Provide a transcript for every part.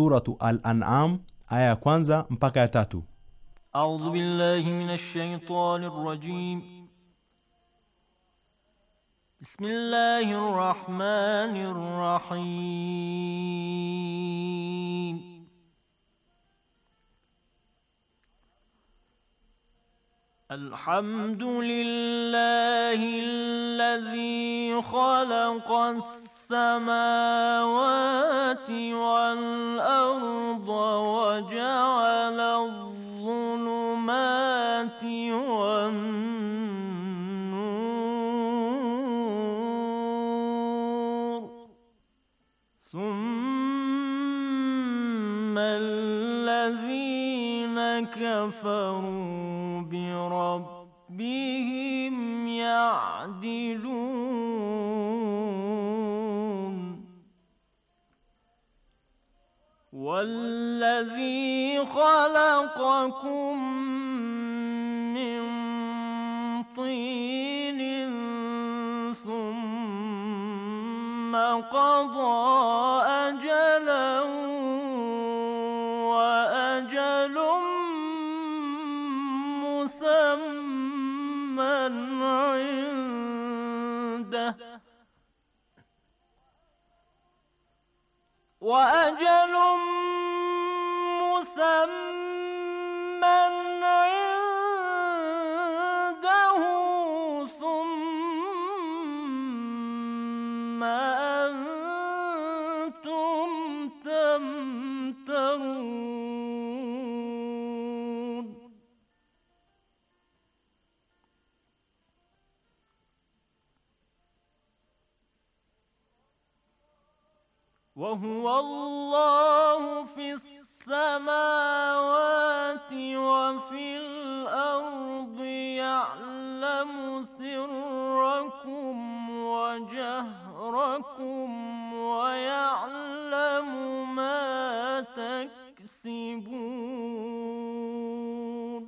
suratu Al-An'am aya ya kwanza mpaka ya tatu. A'udhu billahi minash shaitanir rajim. Bismillahir rahmanir rahim. Alhamdulillahi لله الذي خلق السماوات والأرض وجعل الظلمات والنور ثم الذين كفروا والذي خلقكم من طين ثم قضى أجلا وأجل مسمى عنده وأجل مسمى عنده ثم أنتم تمترون وهو الله السماوات وفي الأرض يعلم سركم وجهركم ويعلم ما تكسبون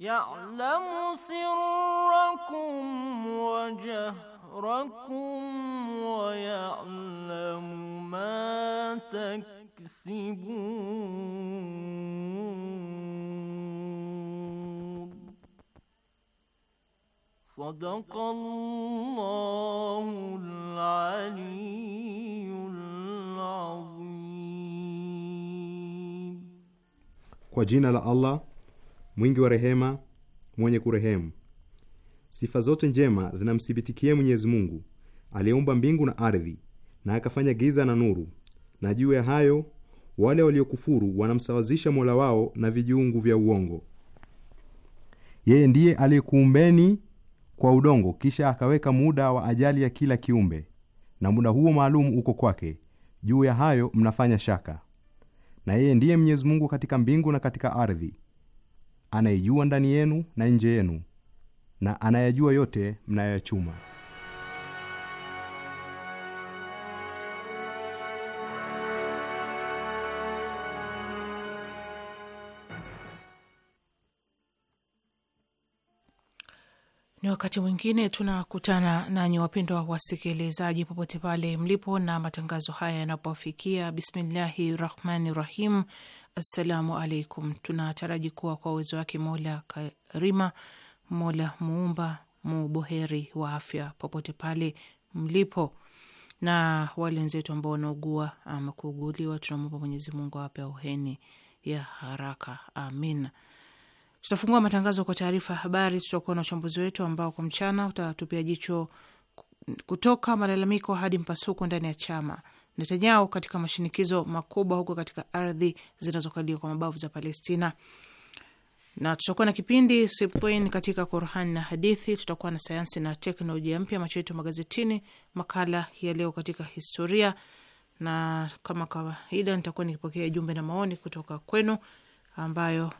يعلم سركم وجهركم صدق الله العلي العظيم Kwa jina la Allah mwingi wa rehema mwenye kurehemu. Sifa zote njema zinamsibitikia Mwenyezi Mungu aliyeumba mbingu na ardhi na akafanya giza na nuru, na juu ya hayo wale waliokufuru wanamsawazisha mola wao na vijiungu vya uongo. Yeye ndiye aliyekuumbeni kwa udongo, kisha akaweka muda wa ajali ya kila kiumbe, na muda huo maalum uko kwake. Juu ya hayo mnafanya shaka. Na yeye ndiye Mwenyezi Mungu katika mbingu na katika ardhi, anayejua ndani yenu na nje yenu, na anayajua yote mnayoyachuma. Ni wakati mwingine tunakutana nanyi wapendwa wasikilizaji, popote pale mlipo na matangazo haya yanapofikia. Bismillahi rahmani rahim. Assalamu alaikum. Tunataraji kuwa kwa uwezo wake Mola Karima, Mola Muumba, muboheri wa afya popote pale mlipo, na wale wenzetu ambao wanaugua ama kuuguliwa, tunamwomba Mwenyezi Mungu awape auheni ya haraka, amin. Tutafungua matangazo kwa taarifa ya habari, tutakuwa na uchambuzi wetu ambao kwa mchana utatupia jicho kutoka malalamiko hadi mpasuko ndani ya chama Netanyahu katika mashinikizo makubwa huko katika ardhi zinazokaliwa kwa mabavu za Palestina, na tutakuwa na kipindi Sipin katika Qurani na hadithi, tutakuwa na sayansi na teknolojia mpya, macho yetu magazetini, makala ya leo katika historia, na kama kawaida nitakuwa nikipokea jumbe na maoni kutoka kwenu ambayo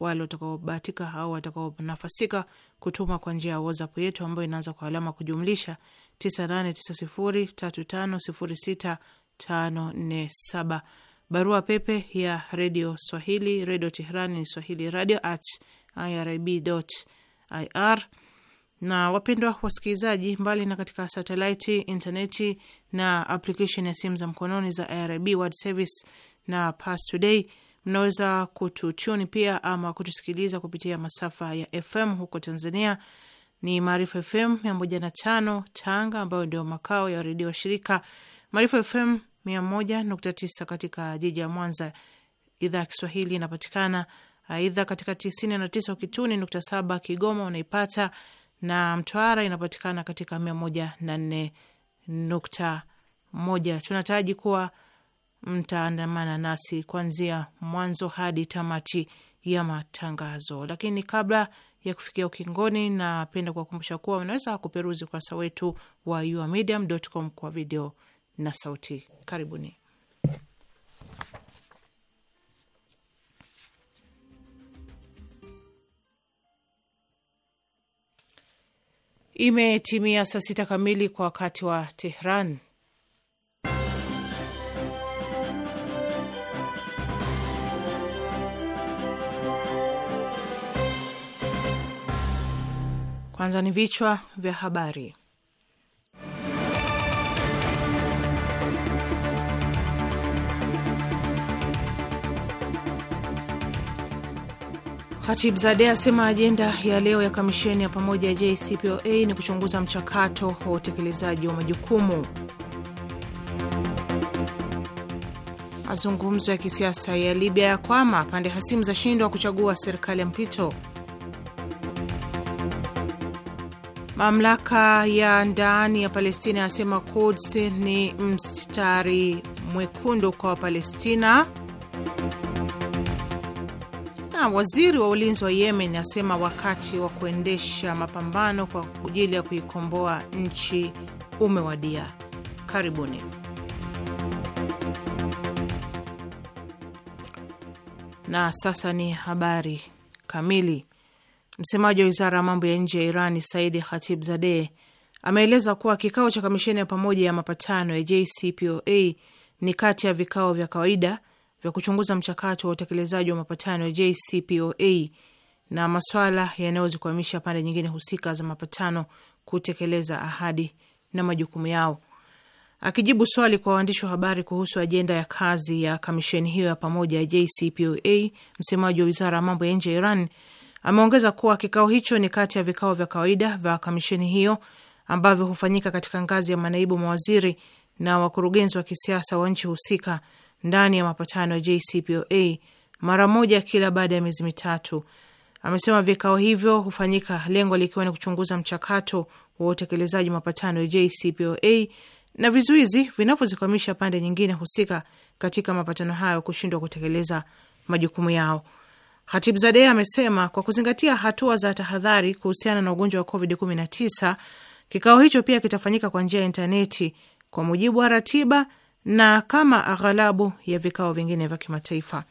wale watakaobahatika au watakaonafasika kutuma kwa njia ya WhatsApp yetu ambayo inaanza kwa alama kujumlisha 989035065487. Barua pepe ya redio Swahili, redio Tehran ni swahili radio at irib ir. Na wapendwa wasikilizaji, mbali na katika satelaiti, intaneti na aplikeshen ya simu za mkononi za IRIB World Service na Pass Today Mnaweza kututuni pia ama kutusikiliza kupitia masafa ya FM huko Tanzania ni Maarifa FM mia moja na tano Tanga, ambayo ndio makao ya redio shirika Maarifa FM mia moja nukta tisa katika jiji la Mwanza. Idhaa ya Kiswahili inapatikana aidha katika tisini na tisa ukituni nukta saba Kigoma unaipata na Mtwara inapatikana katika mia moja na nne nukta moja. Tunataraji kuwa mtaandamana nasi kuanzia mwanzo hadi tamati ya matangazo. Lakini kabla ya kufikia ukingoni, napenda kuwakumbusha kuwa unaweza kuperuzi ukurasa wetu wa uamedium.com kwa video na sauti. Karibuni. Imetimia saa sita kamili kwa wakati wa Tehran Kwanza ni vichwa vya habari. zade asema ajenda ya leo ya kamisheni ya pamoja ya JCPOA ni kuchunguza mchakato wa utekelezaji wa majukumu. Mazungumzo ya kisiasa ya Libya ya kwama, pande hasimu zashindwa kuchagua serikali ya mpito. Mamlaka ya ndani ya Palestina yasema Quds ni mstari mwekundu kwa Wapalestina, na waziri wa ulinzi wa Yemen asema wakati wa kuendesha mapambano kwa ajili ya kuikomboa nchi umewadia. Karibuni. Na sasa ni habari kamili. Msemaji wa wizara ya mambo ya nje ya Iran Saidi Khatib Zadeh ameeleza kuwa kikao cha kamisheni ya pamoja ya mapatano ya JCPOA ni kati ya vikao vya kawaida vya kuchunguza mchakato wa utekelezaji wa mapatano ya JCPOA na maswala yanayozikwamisha pande nyingine husika za mapatano kutekeleza ahadi na majukumu yao. Akijibu swali kwa waandishi wa habari kuhusu ajenda ya kazi ya kamisheni hiyo ya pamoja ya JCPOA, msemaji wa wizara ya mambo ya nje ya Iran Ameongeza kuwa kikao hicho ni kati ya vikao vya kawaida vya kamisheni hiyo ambavyo hufanyika katika ngazi ya manaibu mawaziri na wakurugenzi wa kisiasa wa nchi husika ndani ya mapatano ya JCPOA mara moja kila baada ya miezi mitatu. Amesema vikao hivyo hufanyika lengo likiwa ni kuchunguza mchakato wa utekelezaji mapatano ya JCPOA na vizuizi vinavyozikwamisha pande nyingine husika katika mapatano hayo kushindwa kutekeleza majukumu yao. Hatibzade amesema kwa kuzingatia hatua za tahadhari kuhusiana na ugonjwa wa COVID-19, kikao hicho pia kitafanyika kwa njia ya intaneti kwa mujibu wa ratiba na kama aghalabu ya vikao vingine vya kimataifa.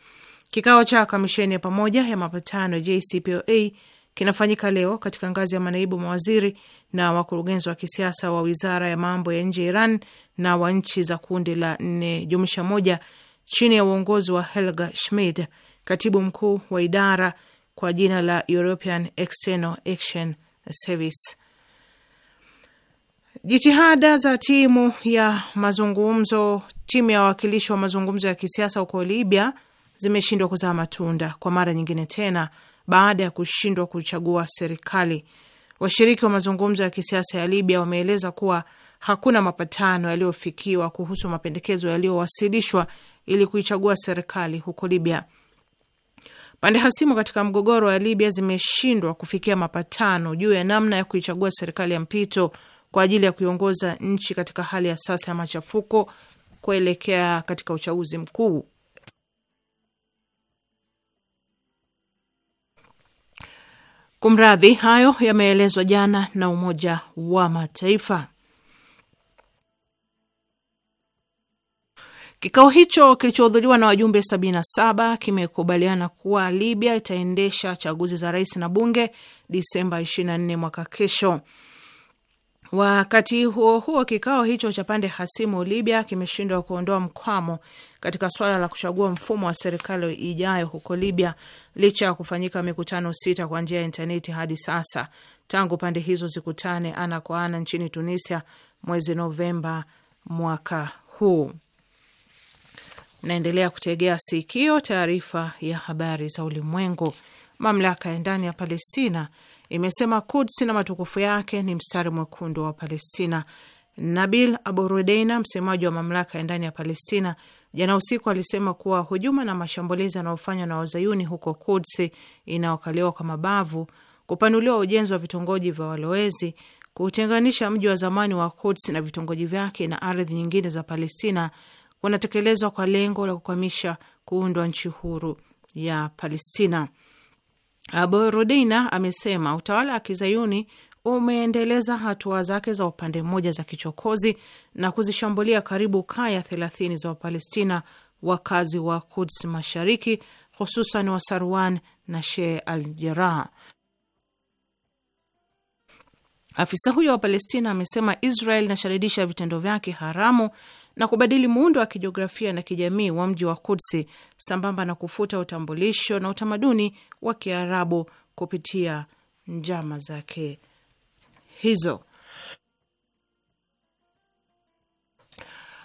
Kikao cha kamisheni ya pamoja ya mapatano JCPOA kinafanyika leo katika ngazi ya manaibu mawaziri na wakurugenzi wa kisiasa wa wizara ya mambo ya nje ya Iran na wa nchi za kundi la nne jumlisha moja chini ya uongozi wa Helga Schmid katibu mkuu wa idara kwa jina la European External Action Service. Jitihada za timu ya mazungumzo, timu ya wawakilishi wa mazungumzo ya kisiasa huko Libya zimeshindwa kuzaa matunda kwa mara nyingine tena baada ya kushindwa kuchagua serikali. Washiriki wa mazungumzo ya kisiasa ya Libya wameeleza kuwa hakuna mapatano yaliyofikiwa kuhusu mapendekezo yaliyowasilishwa ili kuichagua serikali huko Libya. Pande hasimu katika mgogoro wa Libya zimeshindwa kufikia mapatano juu ya namna ya kuichagua serikali ya mpito kwa ajili ya kuiongoza nchi katika hali ya sasa ya machafuko kuelekea katika uchaguzi mkuu. Kumradhi, hayo yameelezwa jana na Umoja wa Mataifa. Kikao hicho kilichohudhuriwa na wajumbe 77 kimekubaliana kuwa Libya itaendesha chaguzi za rais na bunge Disemba 24 mwaka kesho. Wakati huo huo, kikao hicho cha pande hasimu Libya kimeshindwa kuondoa mkwamo katika swala la kuchagua mfumo wa serikali ijayo huko Libya licha ya kufanyika mikutano sita kwa njia ya intaneti hadi sasa tangu pande hizo zikutane ana kwa ana nchini Tunisia mwezi Novemba mwaka huu naendelea kutegea sikio taarifa ya habari za ulimwengu. Mamlaka ya ndani ya Palestina imesema Kudsi na matukufu yake ni mstari mwekundu wa Palestina. Nabil Abu Rudeina, msemaji wa mamlaka ya ndani ya Palestina, jana usiku alisema kuwa hujuma na mashambulizi yanayofanywa na wazayuni huko Kudsi inayokaliwa kwa mabavu, kupanuliwa ujenzi wa vitongoji vya walowezi, kutenganisha mji wa zamani wa Kudsi na vitongoji vyake na ardhi nyingine za Palestina wanatekelezwa kwa lengo la kukwamisha kuundwa nchi huru ya Palestina. Abu Rudeina amesema utawala wa kizayuni umeendeleza hatua zake za upande mmoja za kichokozi na kuzishambulia karibu kaya thelathini za Wapalestina wakazi wa Kuds Mashariki, hususan wa Sarwan na Sheh al Jerah. Afisa huyo wa Palestina amesema Israel inashadidisha vitendo vyake haramu na kubadili muundo wa kijiografia na kijamii wa mji wa Kudsi sambamba na kufuta utambulisho na utamaduni wa Kiarabu kupitia njama zake hizo.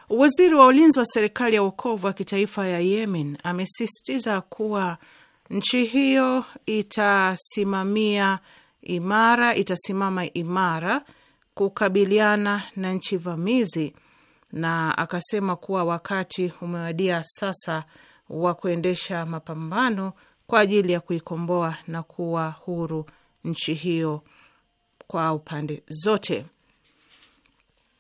Waziri wa ulinzi wa serikali ya uokovu wa kitaifa ya Yemen amesisitiza kuwa nchi hiyo itasimamia imara, itasimama imara kukabiliana na nchi vamizi na akasema kuwa wakati umewadia sasa wa kuendesha mapambano kwa ajili ya kuikomboa na kuwa huru nchi hiyo kwa upande zote.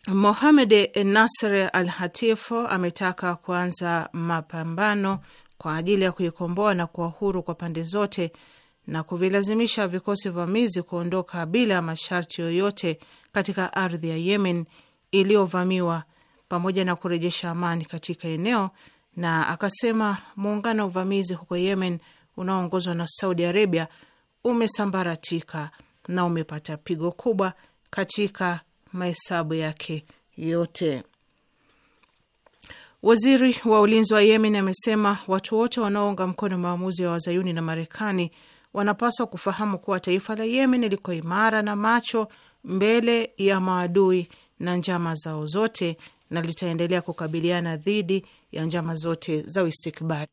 Mohamed Nasr Al hatifu ametaka kuanza mapambano kwa ajili ya kuikomboa na kuwa huru kwa pande zote na kuvilazimisha vikosi vamizi kuondoka bila masharti yoyote katika ardhi ya Yemen iliyovamiwa pamoja na kurejesha amani katika eneo, na akasema muungano wa uvamizi huko Yemen unaoongozwa na Saudi Arabia umesambaratika na umepata pigo kubwa katika mahesabu yake yote. Waziri wa ulinzi wa Yemen amesema watu wote wanaounga mkono maamuzi ya wa wazayuni na Marekani wanapaswa kufahamu kuwa taifa la Yemen liko imara na macho mbele ya maadui na njama zao zote na litaendelea kukabiliana dhidi ya njama zote za uistikbari.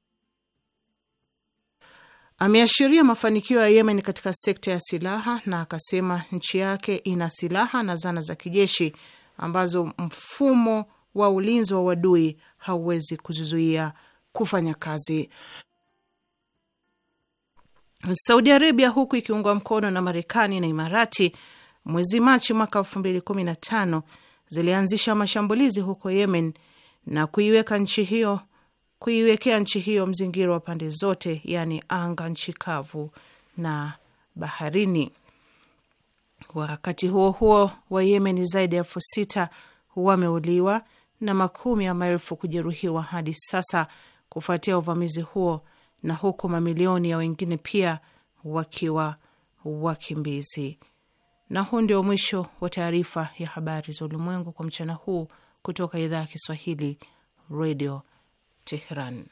Ameashiria mafanikio ya Yemen katika sekta ya silaha na akasema nchi yake ina silaha na zana za kijeshi ambazo mfumo wa ulinzi wa wadui hauwezi kuzuia kufanya kazi. Saudi Arabia, huku ikiungwa mkono na Marekani na Imarati, mwezi Machi mwaka elfu mbili kumi na tano zilianzisha mashambulizi huko Yemen na kuiweka nchi hiyo kuiwekea nchi hiyo mzingiro wa pande zote, yaani anga, nchi kavu na baharini. Wakati huo huo, Wayemen zaidi ya elfu sita wameuliwa na makumi ya maelfu kujeruhiwa hadi sasa kufuatia uvamizi huo, na huku mamilioni ya wengine pia wakiwa wakimbizi. Na huu ndio mwisho wa taarifa ya habari za ulimwengu kwa mchana huu kutoka idhaa ya Kiswahili, Radio Tehran.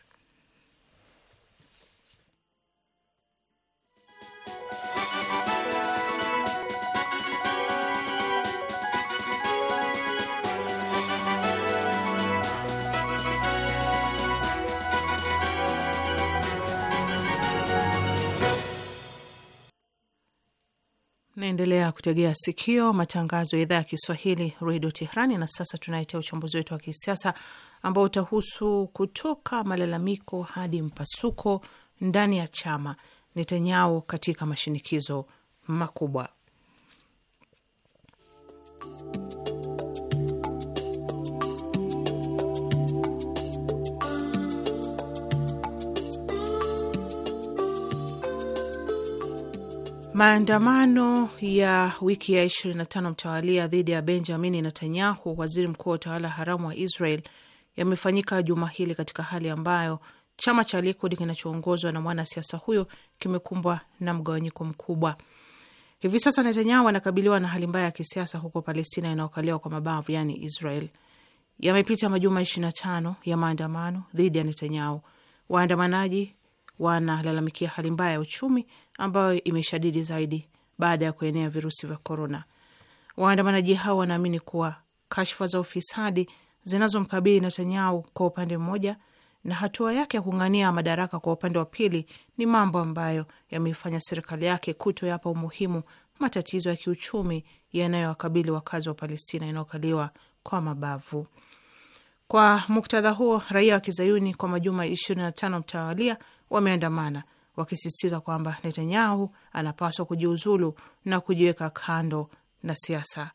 Naendelea kutegea sikio matangazo ya idhaa ya Kiswahili redio Tehrani. Na sasa tunaletea uchambuzi wetu wa kisiasa ambao utahusu kutoka malalamiko hadi mpasuko ndani ya chama Netanyahu katika mashinikizo makubwa Maandamano ya wiki ya 25 mtawalia dhidi ya Benjamin Netanyahu, waziri mkuu wa utawala haramu wa Israel, yamefanyika juma hili katika hali ambayo chama cha Likud kinachoongozwa na mwanasiasa huyo kimekumbwa na mgawanyiko mkubwa. Hivi sasa Netanyahu anakabiliwa na hali mbaya ya kisiasa huko Palestina inayokaliwa kwa mabavu, yani Israel. Yamepita majuma 25 ya maandamano dhidi ya Netanyahu. Waandamanaji wanalalamikia hali mbaya ya uchumi ambayo imeshadidi zaidi baada ya kuenea virusi vya korona. Waandamanaji hao wanaamini kuwa kashfa za ufisadi zinazomkabili Netanyahu kwa upande mmoja na hatua yake ya kung'ania madaraka kwa upande wa pili ni mambo ambayo yameifanya serikali yake kutoyapa umuhimu matatizo ya kiuchumi yanayowakabili wakazi wa Palestina inayokaliwa kwa mabavu. Kwa muktadha huo, raia wa kizayuni kwa majuma 25 mtawalia wameandamana wakisisitiza kwamba Netanyahu anapaswa kujiuzulu na kujiweka kando na siasa.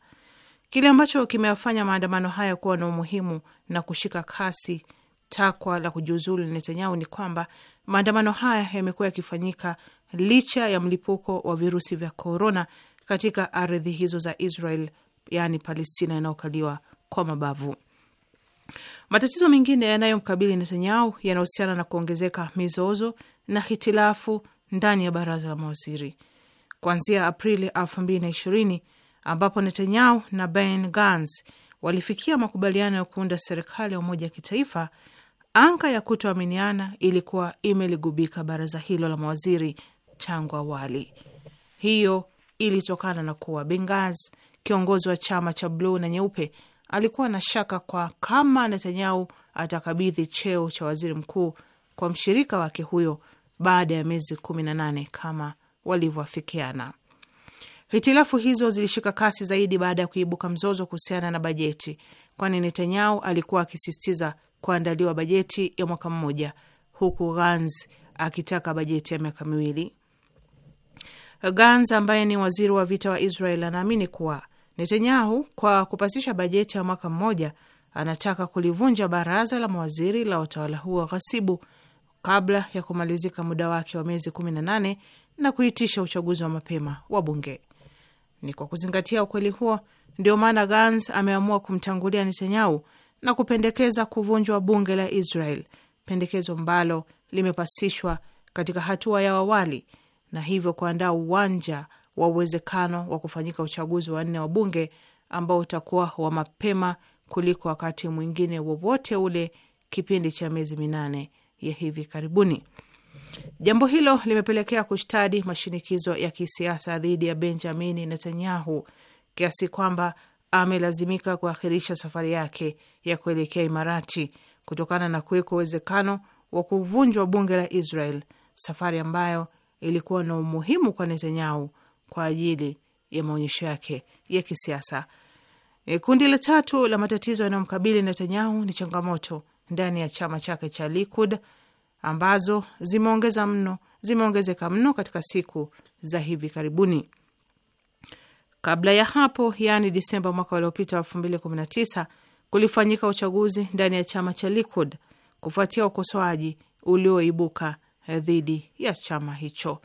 Kile ambacho kimewafanya maandamano haya kuwa na umuhimu na kushika kasi takwa la kujiuzulu Netanyahu ni kwamba maandamano haya yamekuwa yakifanyika licha ya mlipuko wa virusi vya korona katika ardhi hizo za Israel, yaani Palestina yanayokaliwa kwa mabavu. Matatizo mengine yanayomkabili Netanyahu yanahusiana na kuongezeka mizozo na hitilafu ndani ya baraza la mawaziri kuanzia Aprili 2020 ambapo Netanyahu na Ben Gans walifikia makubaliano ya kuunda serikali ya umoja wa kitaifa. Anga ya kutoaminiana ilikuwa imeligubika baraza hilo la mawaziri tangu awali. Hiyo ilitokana na kuwa Bengaz, kiongozi wa chama cha bluu na nyeupe, alikuwa na shaka kwa kama Netanyahu atakabidhi cheo cha waziri mkuu kwa mshirika wake huyo baada ya miezi kumi na nane kama walivyoafikiana. Hitilafu hizo zilishika kasi zaidi baada ya kuibuka mzozo kuhusiana na bajeti, kwani Netanyahu alikuwa akisisitiza kuandaliwa bajeti ya mwaka mmoja huku Gans akitaka bajeti ya miaka miwili. Gans ambaye ni waziri wa vita wa Israel anaamini kuwa Netanyahu kwa kupasisha bajeti ya mwaka mmoja anataka kulivunja baraza la mawaziri la utawala huo ghasibu kabla ya kumalizika muda wake wa miezi 18 na kuitisha uchaguzi wa mapema wa bunge. Ni kwa kuzingatia ukweli huo ndio maana Gans ameamua kumtangulia Netanyahu na kupendekeza kuvunjwa bunge la Israel, pendekezo ambalo limepasishwa katika hatua ya awali na hivyo kuandaa uwanja wa uwezekano wa kufanyika uchaguzi wa nne wa bunge ambao utakuwa wa mapema kuliko wakati mwingine wowote ule kipindi cha miezi minane ya hivi karibuni. Jambo hilo limepelekea kushtadi mashinikizo ya kisiasa dhidi ya Benjamini Netanyahu kiasi kwamba amelazimika kuakhirisha safari yake ya kuelekea Imarati kutokana na kuwekwa uwezekano wa kuvunjwa bunge la Israel, safari ambayo ilikuwa na umuhimu kwa Netanyahu kwa ajili ya maonyesho yake ya kisiasa. E, kundi la tatu la matatizo yanayomkabili Netanyahu ni changamoto ndani ya chama chake cha Likud ambazo zimeongeza mno zimeongezeka mno katika siku za hivi karibuni. Kabla ya hapo, yaani Disemba mwaka uliopita elfu mbili kumi na tisa, kulifanyika uchaguzi ndani ya chama cha Likud kufuatia ukosoaji ulioibuka dhidi ya chama hicho.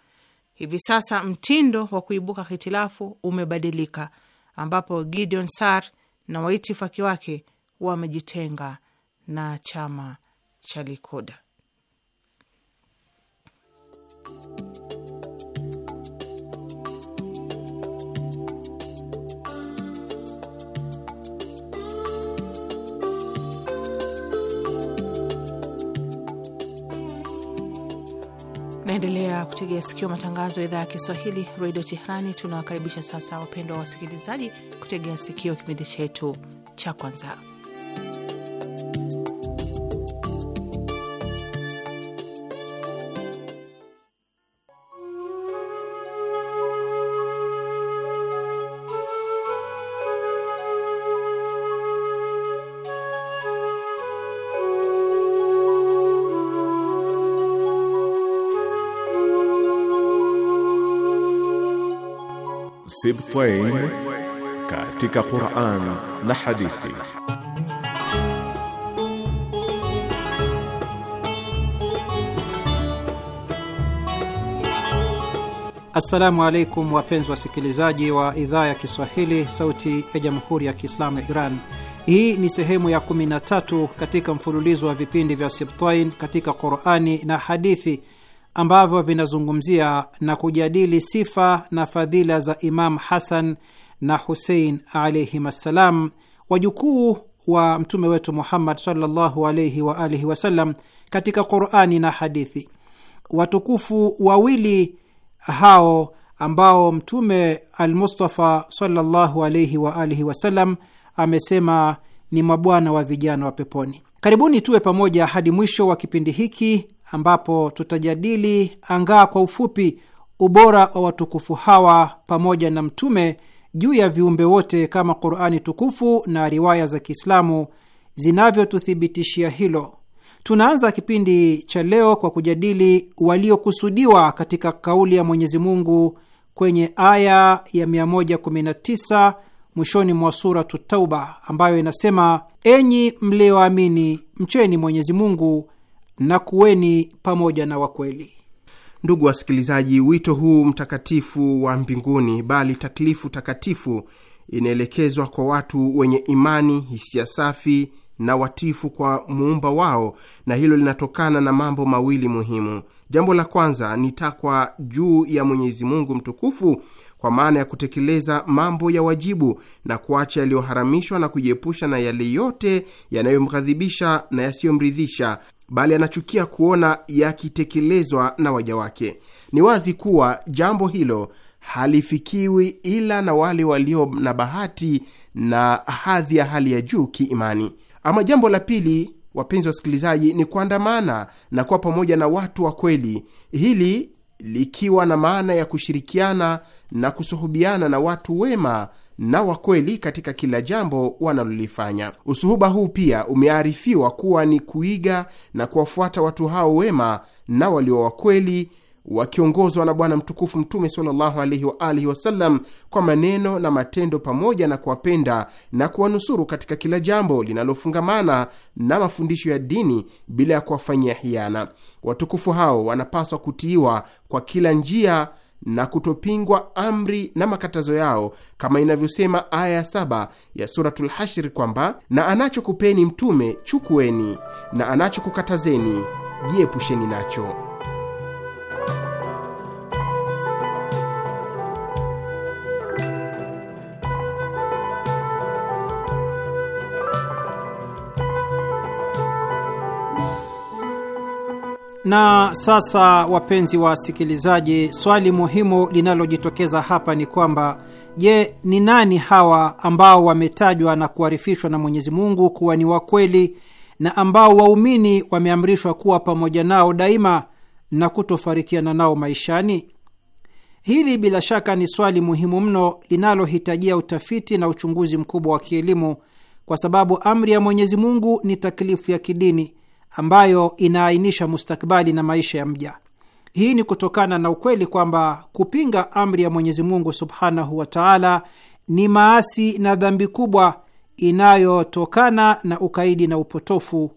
Hivi sasa mtindo wa kuibuka hitilafu umebadilika, ambapo Gideon Sar na waitifaki wake wamejitenga na chama cha Likoda. Naendelea kutegea sikio matangazo ya idhaa ya Kiswahili redio Tehrani. Tunawakaribisha sasa, wapendwa wasikilizaji, kutegea sikio kipindi chetu cha kwanza Sibtain katika Qur'an na hadithi. Assalamu alaikum wapenzi wasikilizaji wa idhaa ya Kiswahili sauti ya Jamhuri ya Kiislamu ya Iran. Hii ni sehemu ya 13 katika mfululizo wa vipindi vya Sibtain katika Qur'ani na hadithi ambavyo vinazungumzia na kujadili sifa na fadhila za Imam Hasan na Husein alaihim assalam, wajukuu wa mtume wetu Muhammad sallallahu alaihi wa alihi wasallam katika Qurani na hadithi. Watukufu wawili hao ambao mtume Almustafa sallallahu alaihi wa alihi wasallam amesema ni mabwana wa vijana wa peponi. Karibuni tuwe pamoja hadi mwisho wa kipindi hiki ambapo tutajadili angaa kwa ufupi ubora wa watukufu hawa pamoja na mtume juu ya viumbe wote kama Qur'ani tukufu na riwaya za Kiislamu zinavyotuthibitishia hilo. Tunaanza kipindi cha leo kwa kujadili waliokusudiwa katika kauli ya Mwenyezi Mungu kwenye aya ya 119 mwishoni mwa Suratu Tauba ambayo inasema: enyi mlioamini, mcheni Mwenyezi Mungu na kuweni pamoja na wakweli. Ndugu wasikilizaji, wito huu mtakatifu wa mbinguni, bali taklifu takatifu inaelekezwa kwa watu wenye imani, hisia safi na watifu kwa muumba wao, na hilo linatokana na mambo mawili muhimu. Jambo la kwanza ni takwa juu ya Mwenyezi Mungu mtukufu kwa maana ya kutekeleza mambo ya wajibu na kuacha yaliyoharamishwa na kujiepusha na yale yote yanayomghadhibisha na yasiyomridhisha, bali anachukia kuona yakitekelezwa na waja wake. Ni wazi kuwa jambo hilo halifikiwi ila na wale walio na bahati na hadhi ya hali ya juu kiimani. Ama jambo la pili, wapenzi wasikilizaji, ni kuandamana na kuwa pamoja na watu wa kweli, hili likiwa na maana ya kushirikiana na kusuhubiana na watu wema na wa kweli katika kila jambo wanalolifanya. Usuhuba huu pia umearifiwa kuwa ni kuiga na kuwafuata watu hao wema na walio wakweli wakiongozwa na Bwana mtukufu Mtume sallallahu alaihi wa alihi wasallam kwa maneno na matendo, pamoja na kuwapenda na kuwanusuru katika kila jambo linalofungamana na mafundisho ya dini bila ya kuwafanyia hiana. Watukufu hao wanapaswa kutiiwa kwa kila njia na kutopingwa amri na makatazo yao, kama inavyosema aya ya saba ya Suratul Hashri kwamba, na anachokupeni mtume chukueni, na anachokukatazeni jiepusheni nacho. Na sasa, wapenzi wa wasikilizaji, swali muhimu linalojitokeza hapa ni kwamba je, ni nani hawa ambao wametajwa na kuarifishwa na Mwenyezi Mungu kuwa ni wakweli na ambao waumini wameamrishwa kuwa pamoja nao daima na kutofarikiana nao maishani? Hili bila shaka ni swali muhimu mno linalohitajia utafiti na uchunguzi mkubwa wa kielimu, kwa sababu amri ya Mwenyezi Mungu ni taklifu ya kidini ambayo inaainisha mustakbali na maisha ya mja. Hii ni kutokana na ukweli kwamba kupinga amri ya Mwenyezi Mungu subhanahu wa taala ni maasi na dhambi kubwa inayotokana na ukaidi na upotofu,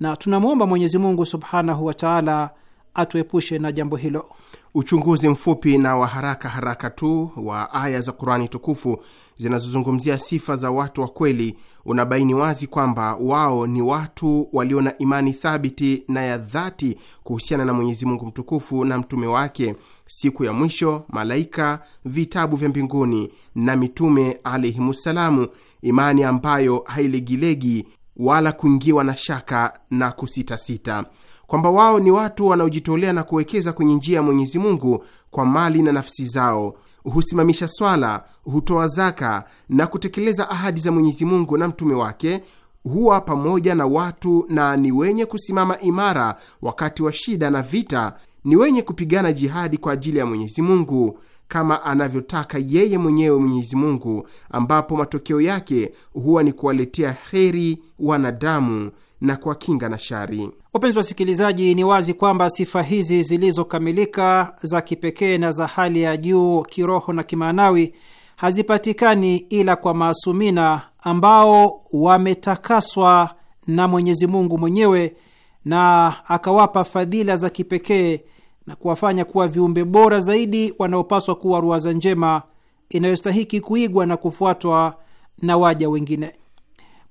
na tunamwomba Mwenyezi Mungu subhanahu wa taala atuepushe na jambo hilo. Uchunguzi mfupi na wa haraka haraka tu wa aya za Qurani tukufu zinazozungumzia sifa za watu wa kweli unabaini wazi kwamba wao ni watu walio na imani thabiti na ya dhati kuhusiana na Mwenyezi Mungu mtukufu na mtume wake, siku ya mwisho, malaika, vitabu vya mbinguni na mitume alaihimussalamu, imani ambayo hailegilegi wala kuingiwa na shaka na kusitasita kwamba wao ni watu wanaojitolea na kuwekeza kwenye njia ya Mwenyezi Mungu kwa mali na nafsi zao husimamisha swala, hutoa zaka na kutekeleza ahadi za Mwenyezi Mungu na mtume wake, huwa pamoja na watu na ni wenye kusimama imara wakati wa shida na vita, ni wenye kupigana jihadi kwa ajili ya Mwenyezi Mungu kama anavyotaka yeye mwenyewe Mwenyezi Mungu, ambapo matokeo yake huwa ni kuwaletea heri wanadamu na kuwakinga na shari. Wapenzi wasikilizaji, ni wazi kwamba sifa hizi zilizokamilika za kipekee na za hali ya juu kiroho na kimaanawi hazipatikani ila kwa maasumina ambao wametakaswa na Mwenyezi Mungu mwenyewe na akawapa fadhila za kipekee na kuwafanya kuwa viumbe bora zaidi wanaopaswa kuwa ruwaza njema inayostahiki kuigwa na kufuatwa na waja wengine.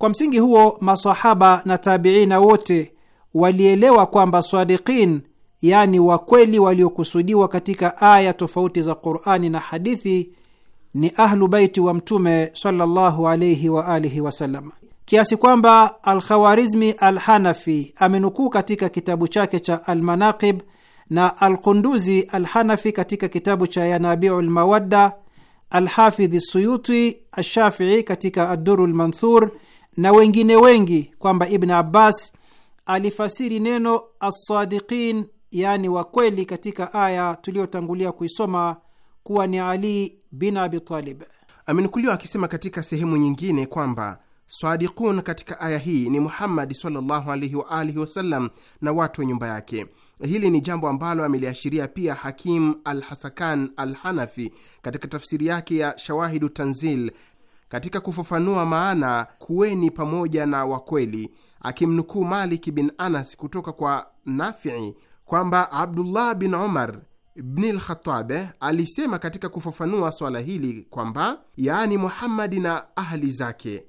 Kwa msingi huo masahaba na tabiina wote walielewa kwamba sadiqin, yaani wakweli waliokusudiwa katika aya tofauti za Qurani na hadithi ni ahlu baiti wa Mtume sallallahu alayhi wa alihi wasallam, kiasi kwamba Alkhawarizmi Alhanafi amenukuu katika kitabu chake cha Almanaqib na Alqunduzi Alhanafi katika kitabu cha Yanabiu Lmawadda, Alhafidhi Suyuti Alshafii katika Adduru Lmanthur na wengine wengi kwamba Ibn Abbas alifasiri neno assadiqin, yani wakweli, katika aya tuliyotangulia kuisoma kuwa ni Ali bin Abi Talib. Amenukuliwa akisema katika sehemu nyingine kwamba sadiqun katika aya hii ni Muhammadi sallallahu alaihi wa alihi wasallam na watu wa nyumba yake. Hili ni jambo ambalo ameliashiria pia Hakim al Hasakan al Hanafi katika tafsiri yake ya Shawahidu Tanzil katika kufafanua maana kuweni pamoja na wakweli, akimnukuu Malik bin Anas kutoka kwa Nafii kwamba Abdullah bin Umar bni Lkhatabe alisema katika kufafanua swala hili kwamba yaani Muhammadi na ahli zake.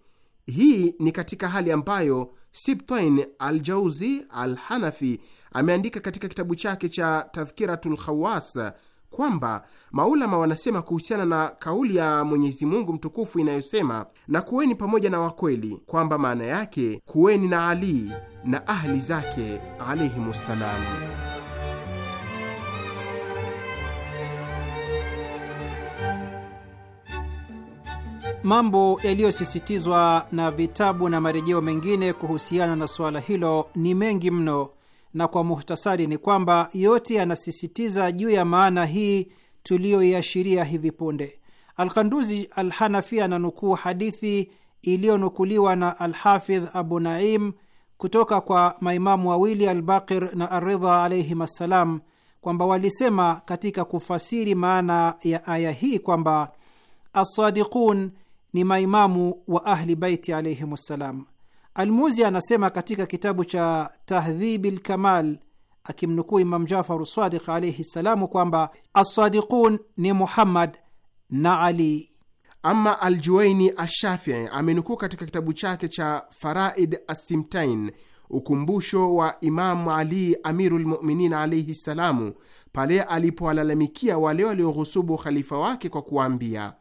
Hii ni katika hali ambayo Sibtain Aljauzi Alhanafi ameandika katika kitabu chake cha Tadhkiratu lkhawas kwamba maulama wanasema kuhusiana na kauli ya Mwenyezi Mungu mtukufu inayosema na kuweni pamoja na wakweli, kwamba maana yake kuweni na Ali na ahli zake alaihimussalamu. Mambo yaliyosisitizwa na vitabu na marejeo mengine kuhusiana na suala hilo ni mengi mno na kwa muhtasari ni kwamba yote yanasisitiza juu ya maana hii tuliyoiashiria hivi punde. Alkanduzi Alhanafi ananukuu hadithi iliyonukuliwa na Alhafidh Abu Naim kutoka kwa maimamu wawili Albakir na Aridha alaihim assalam, kwamba walisema katika kufasiri maana ya aya hii kwamba assadiqun ni maimamu wa Ahli Baiti alaihim assalam. Almuzi anasema katika kitabu cha Tahdhibi lkamal akimnukuu Imam Jafaru Sadiq alaihi ssalamu kwamba assadiqun ni Muhammad na Ali. Ama Aljuwaini Ashafii amenukuu katika kitabu chake cha Faraid Assimtain ukumbusho wa Imamu Ali Amiru Lmuminin alaihi ssalamu pale alipowalalamikia wale walioghusubu ukhalifa wake kwa kuwaambia,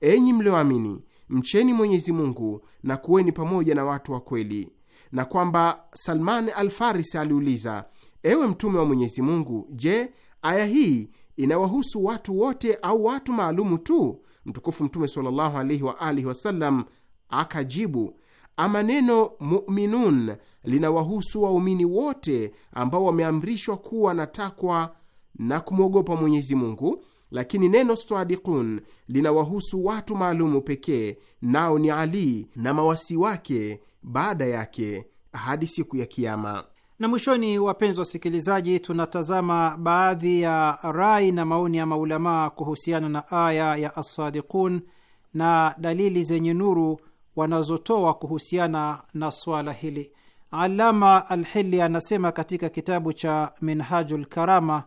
enyi mlioamini mcheni Mwenyezi Mungu na kuweni pamoja na watu wa kweli, na kwamba Salman Alfarisi aliuliza, ewe Mtume wa Mwenyezi Mungu, je, aya hii inawahusu watu wote au watu maalumu tu? Mtukufu Mtume sallallahu alaihi wa alihi wasallam akajibu, ama neno muminun linawahusu waumini wote ambao wameamrishwa kuwa na takwa na kumwogopa Mwenyezi Mungu lakini neno sadiqun linawahusu watu maalumu pekee, nao ni Ali na mawasi wake baada yake hadi siku ya Kiama. Na mwishoni, wapenzi wasikilizaji, tunatazama baadhi ya rai na maoni ya maulamaa kuhusiana na aya ya Assadiqun na dalili zenye nuru wanazotoa kuhusiana na swala hili. Alama Alhili anasema katika kitabu cha Minhajul Karama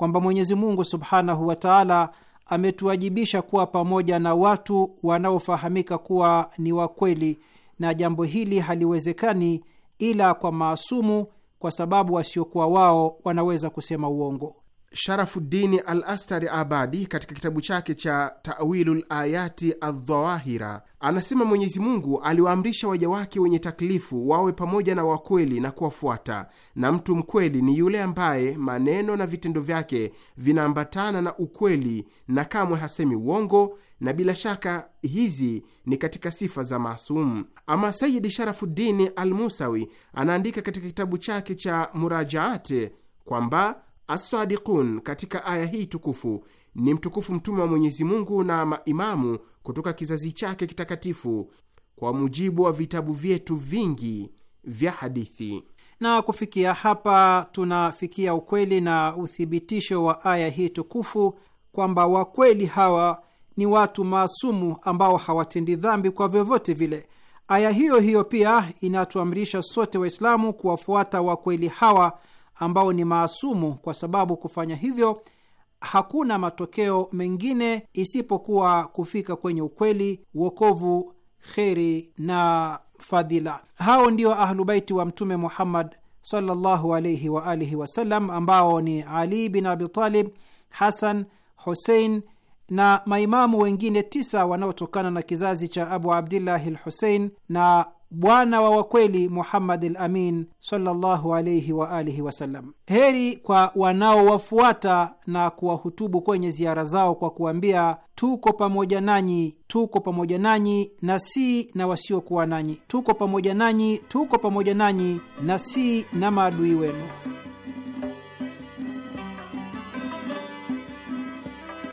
kwamba Mwenyezi Mungu subhanahu wa taala ametuwajibisha kuwa pamoja na watu wanaofahamika kuwa ni wakweli, na jambo hili haliwezekani ila kwa maasumu, kwa sababu wasiokuwa wao wanaweza kusema uongo. Sharafuddini Al Astari Abadi katika kitabu chake cha Tawilul Ayati Aldhawahira anasema Mwenyezi Mungu aliwaamrisha waja wake wenye taklifu wawe pamoja na wakweli na kuwafuata, na mtu mkweli ni yule ambaye maneno na vitendo vyake vinaambatana na ukweli na kamwe hasemi uongo, na bila shaka hizi ni katika sifa za maasumu. Ama Sayidi Sharafuddini Al Musawi anaandika katika kitabu chake cha Murajaate kwamba Assadikun katika aya hii tukufu ni mtukufu mtume wa Mwenyezi Mungu na maimamu kutoka kizazi chake kitakatifu kwa mujibu wa vitabu vyetu vingi vya hadithi. Na kufikia hapa, tunafikia ukweli na uthibitisho wa aya hii tukufu kwamba wakweli hawa ni watu maasumu ambao hawatendi dhambi kwa vyovyote vile. Aya hiyo hiyo pia inatuamrisha sote Waislamu kuwafuata wakweli hawa ambao ni maasumu, kwa sababu kufanya hivyo hakuna matokeo mengine isipokuwa kufika kwenye ukweli, wokovu, kheri na fadhila. Hao ndio Ahlubaiti wa Mtume Muhammad sallallahu alaihi wa alihi wasallam, ambao ni Ali bin Abitalib, Hasan, Husein na maimamu wengine tisa wanaotokana na kizazi cha Abu Abdillahi lhusein na bwana wa wakweli Muhammad al Amin sallallahu wa alihi wasallam. Heri kwa wanaowafuata na kuwahutubu kwenye ziara zao kwa kuambia, tuko pamoja nanyi, tuko pamoja nanyi na si na wasiokuwa nanyi, tuko pamoja nanyi, tuko pamoja nanyi na si na maadui wenu.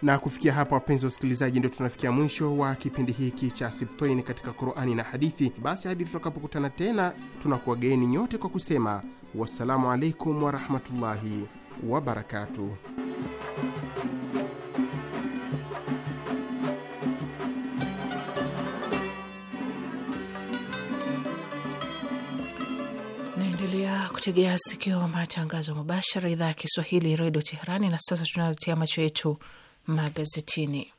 Na kufikia hapa, wapenzi wa wasikilizaji, ndio tunafikia mwisho wa kipindi hiki cha Sibtoin katika Qurani na Hadithi. Basi hadi tutakapokutana tena, tunakuwageni nyote kwa kusema wassalamu alaikum warahmatullahi wabarakatuh. Naendelea kutegea sikio matangazo mubashara idhaa ya Kiswahili redio Teherani. Na sasa tunaletea macho yetu magazetini.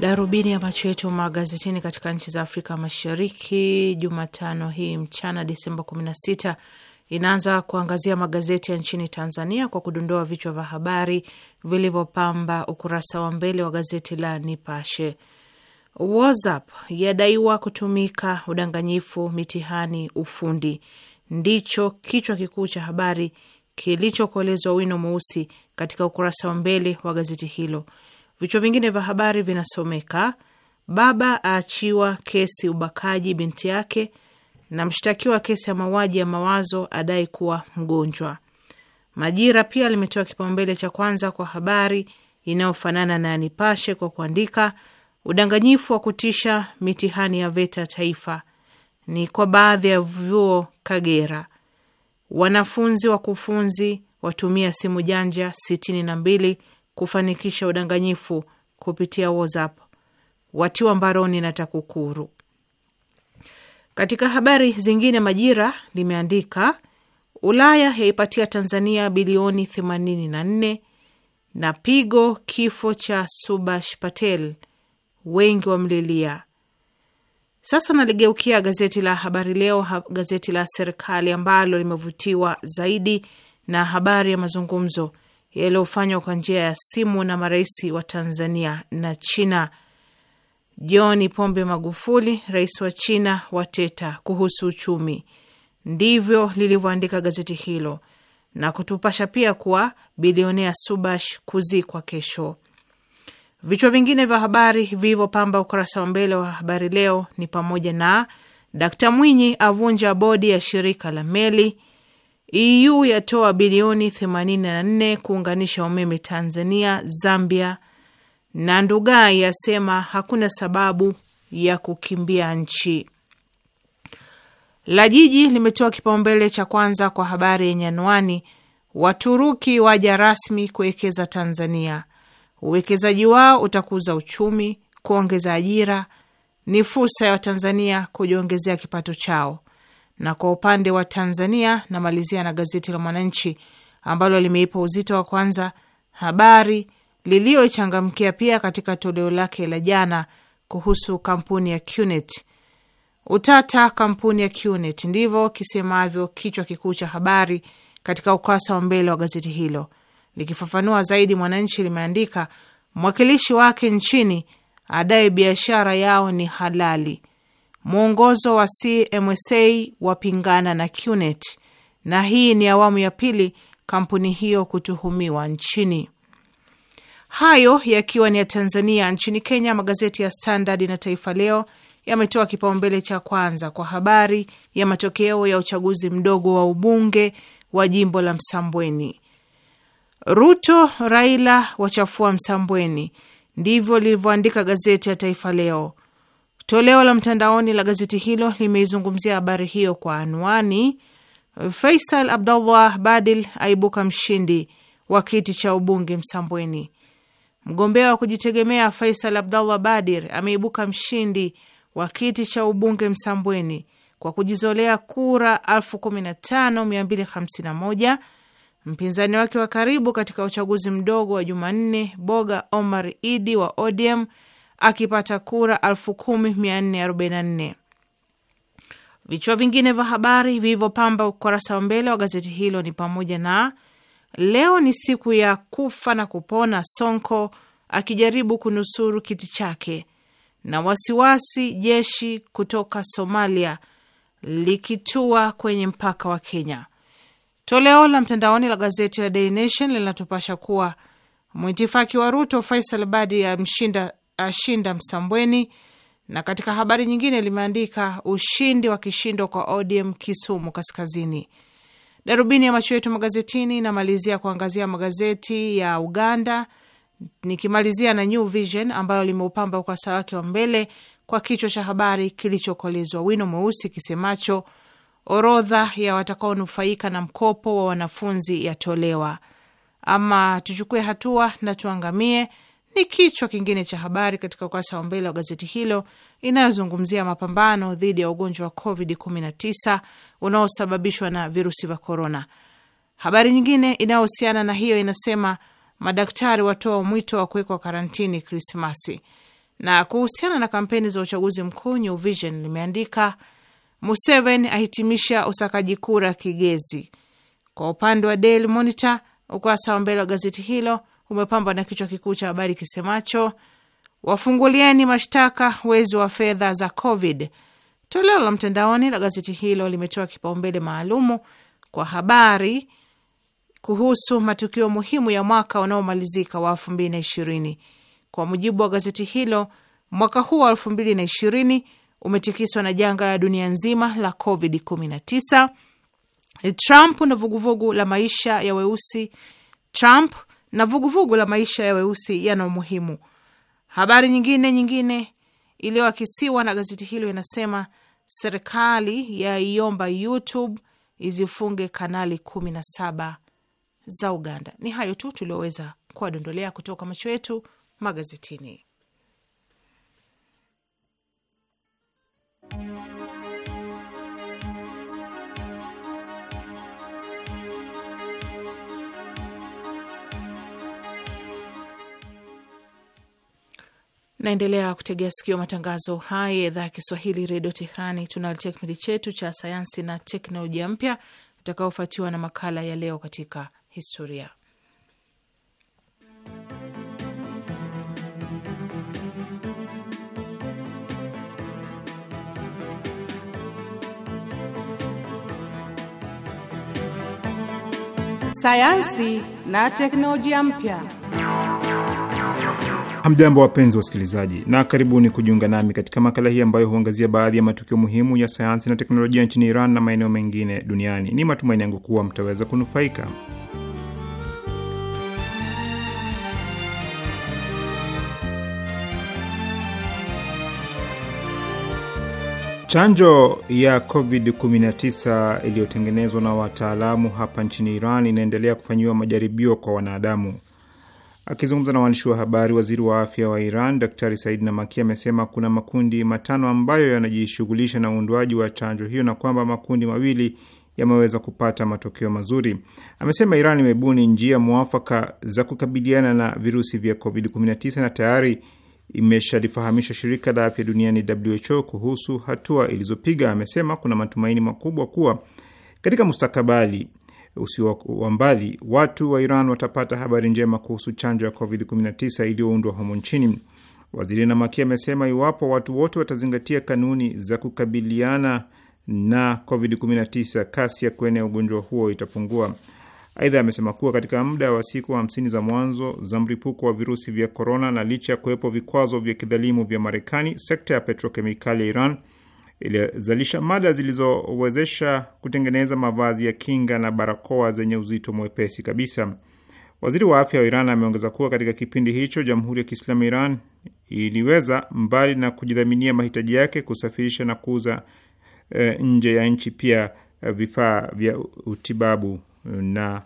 Darubini ya macho yetu magazetini katika nchi za Afrika Mashariki, Jumatano hii mchana, Disemba 16 inaanza kuangazia magazeti ya nchini Tanzania kwa kudondoa vichwa vya habari vilivyopamba ukurasa wa mbele wa gazeti la Nipashe. WhatsApp yadaiwa kutumika udanganyifu mitihani ufundi, ndicho kichwa kikuu cha habari kilichokolezwa wino mweusi katika ukurasa wa mbele wa gazeti hilo. Vichwa vingine vya habari vinasomeka: baba aachiwa kesi ubakaji binti yake na mshtakiwa wa kesi ya mauaji ya mawazo adai kuwa mgonjwa. Majira pia limetoa kipaumbele cha kwanza kwa habari inayofanana na Nipashe kwa kuandika udanganyifu wa kutisha mitihani ya VETA taifa ni kwa baadhi ya vyuo Kagera, wanafunzi wakufunzi watumia simu janja sitini na mbili kufanikisha udanganyifu kupitia WhatsApp watiwa mbaroni na TAKUKURU. Katika habari zingine, Majira limeandika Ulaya yaipatia Tanzania bilioni 84 na pigo kifo cha Subash Patel, wengi wamlilia. Sasa naligeukia gazeti la Habari Leo, gazeti la serikali ambalo limevutiwa zaidi na habari ya mazungumzo yaliyofanywa kwa njia ya simu na marais wa Tanzania na China. John Pombe Magufuli, rais wa China, wateta kuhusu uchumi. Ndivyo lilivyoandika gazeti hilo na kutupasha pia kuwa bilionea Subash kuzikwa kesho. Vichwa vingine vya habari vilivyopamba ukurasa wa mbele wa Habari Leo ni pamoja na Dkt Mwinyi avunja bodi ya shirika la meli, EU yatoa bilioni 84 kuunganisha umeme Tanzania, Zambia na Ndugai asema hakuna sababu ya kukimbia nchi. La Jiji limetoa kipaumbele cha kwanza kwa habari yenye anwani Waturuki waja rasmi kuwekeza Tanzania, uwekezaji wao utakuza uchumi, kuongeza ajira, ni fursa ya Watanzania kujiongezea kipato chao. Na kwa upande wa Tanzania, namalizia na gazeti la Mwananchi ambalo limeipa uzito wa kwanza habari liliyochangamkia pia katika toleo lake la jana kuhusu kampuni ya Qnet. Utata kampuni ya Qnet, ndivyo kisemavyo kichwa kikuu cha habari katika ukurasa wa mbele wa gazeti hilo. Likifafanua zaidi, Mwananchi limeandika mwakilishi wake nchini adai biashara yao ni halali, mwongozo wa CMSA wapingana na Qnet, na hii ni awamu ya pili kampuni hiyo kutuhumiwa nchini. Hayo yakiwa ni ya Tanzania. Nchini Kenya, magazeti ya Standard na Taifa Leo yametoa kipaumbele cha kwanza kwa habari ya matokeo ya uchaguzi mdogo wa ubunge wa jimbo la Msambweni. Ruto Raila wachafua Msambweni, ndivyo lilivyoandika gazeti ya Taifa Leo. Toleo la mtandaoni la gazeti hilo limeizungumzia habari hiyo kwa anwani, Faisal Abdullah Badil aibuka mshindi wa kiti cha ubunge Msambweni. Mgombea wa kujitegemea Faisal Abdallah Badir ameibuka mshindi wa kiti cha ubunge Msambweni kwa kujizolea kura 15251. Mpinzani wake wa karibu katika uchaguzi mdogo wa Jumanne, Boga Omar Idi wa ODM akipata kura 10444. Vichwa vingine vya habari vilivyopamba ukurasa wa mbele wa gazeti hilo ni pamoja na Leo ni siku ya kufa na kupona Sonko akijaribu kunusuru kiti chake, na wasiwasi jeshi kutoka Somalia likitua kwenye mpaka wa Kenya. Toleo la mtandaoni la gazeti la Daily Nation linatupasha kuwa mwitifaki wa Ruto Faisal Badi amshinda ashinda Msambweni, na katika habari nyingine limeandika ushindi wa kishindo kwa ODM Kisumu Kaskazini. Darubini ya macho yetu magazetini inamalizia kuangazia magazeti ya Uganda, nikimalizia na New Vision ambayo limeupamba ukurasa wake wa mbele kwa kichwa cha habari kilichokolezwa wino mweusi kisemacho orodha ya watakaonufaika na mkopo wa wanafunzi yatolewa, ama tuchukue hatua na tuangamie, ni kichwa kingine cha habari katika ukurasa wa mbele wa gazeti hilo inayozungumzia mapambano dhidi ya ugonjwa wa COVID-19 unaosababishwa na virusi vya korona. Habari nyingine inayohusiana na hiyo inasema madaktari watoa mwito wa kuwekwa karantini Krismasi. Na kuhusiana na kampeni za uchaguzi mkuu, New Vision limeandika Museveni ahitimisha usakaji kura Kigezi. Kwa upande wa Daily Monitor, ukurasa wa mbele wa gazeti hilo umepambwa na kichwa kikuu cha habari kisemacho wafungulieni mashtaka wezi wa fedha za Covid Toleo la mtandaoni la gazeti hilo limetoa kipaumbele maalumu kwa habari kuhusu matukio muhimu ya mwaka unaomalizika wa elfu mbili na ishirini. Kwa mujibu wa gazeti hilo, mwaka huu wa elfu mbili na ishirini umetikiswa na janga la dunia nzima la Covid 19, Trump na vuguvugu la maisha ya weusi. Trump na vuguvugu la maisha ya weusi yana umuhimu. Habari nyingine nyingine iliyoakisiwa na gazeti hilo inasema serikali yaiomba YouTube izifunge kanali kumi na saba za Uganda. Ni hayo tu tulioweza kuwadondolea kutoka macho yetu magazetini. Naendelea kutegea sikio matangazo haya ya idhaa ya Kiswahili redio Tehrani. Tunaletea kipindi chetu cha sayansi na teknolojia mpya itakaofuatiwa na makala ya leo katika historia. Sayansi na teknolojia mpya. Hamjambo, wapenzi wa wasikilizaji, na karibuni kujiunga nami katika makala hii ambayo huangazia baadhi ya matukio muhimu ya sayansi na teknolojia nchini Iran na maeneo mengine duniani. Ni matumaini yangu kuwa mtaweza kunufaika. Chanjo ya COVID-19 iliyotengenezwa na wataalamu hapa nchini Iran inaendelea kufanyiwa majaribio kwa wanadamu. Akizungumza na waandishi wa habari, waziri wa afya wa Iran Daktari Said Namaki amesema kuna makundi matano ambayo yanajishughulisha na uundwaji wa chanjo hiyo na kwamba makundi mawili yameweza kupata matokeo mazuri. Amesema Iran imebuni njia mwafaka za kukabiliana na virusi vya COVID-19 na tayari imeshalifahamisha shirika la afya duniani WHO kuhusu hatua ilizopiga. Amesema kuna matumaini makubwa kuwa katika mustakabali usio wa mbali, watu wa Iran watapata habari njema kuhusu chanjo ya COVID-19 iliyoundwa humo nchini. Waziri Namaki amesema iwapo watu wote watazingatia kanuni za kukabiliana na COVID-19, kasi ya kuenea ugonjwa huo itapungua. Aidha, amesema kuwa katika muda wa siku hamsini za mwanzo za mlipuko wa virusi vya korona, na licha ya kuwepo vikwazo vya kidhalimu vya Marekani, sekta ya petrokemikali ya Iran ilizalisha mada zilizowezesha kutengeneza mavazi ya kinga na barakoa zenye uzito mwepesi kabisa. Waziri wa afya wa Iran ameongeza kuwa katika kipindi hicho Jamhuri ya Kiislamu Iran iliweza mbali na kujidhaminia mahitaji yake, kusafirisha na kuuza eh, nje ya nchi pia eh, vifaa vya utibabu na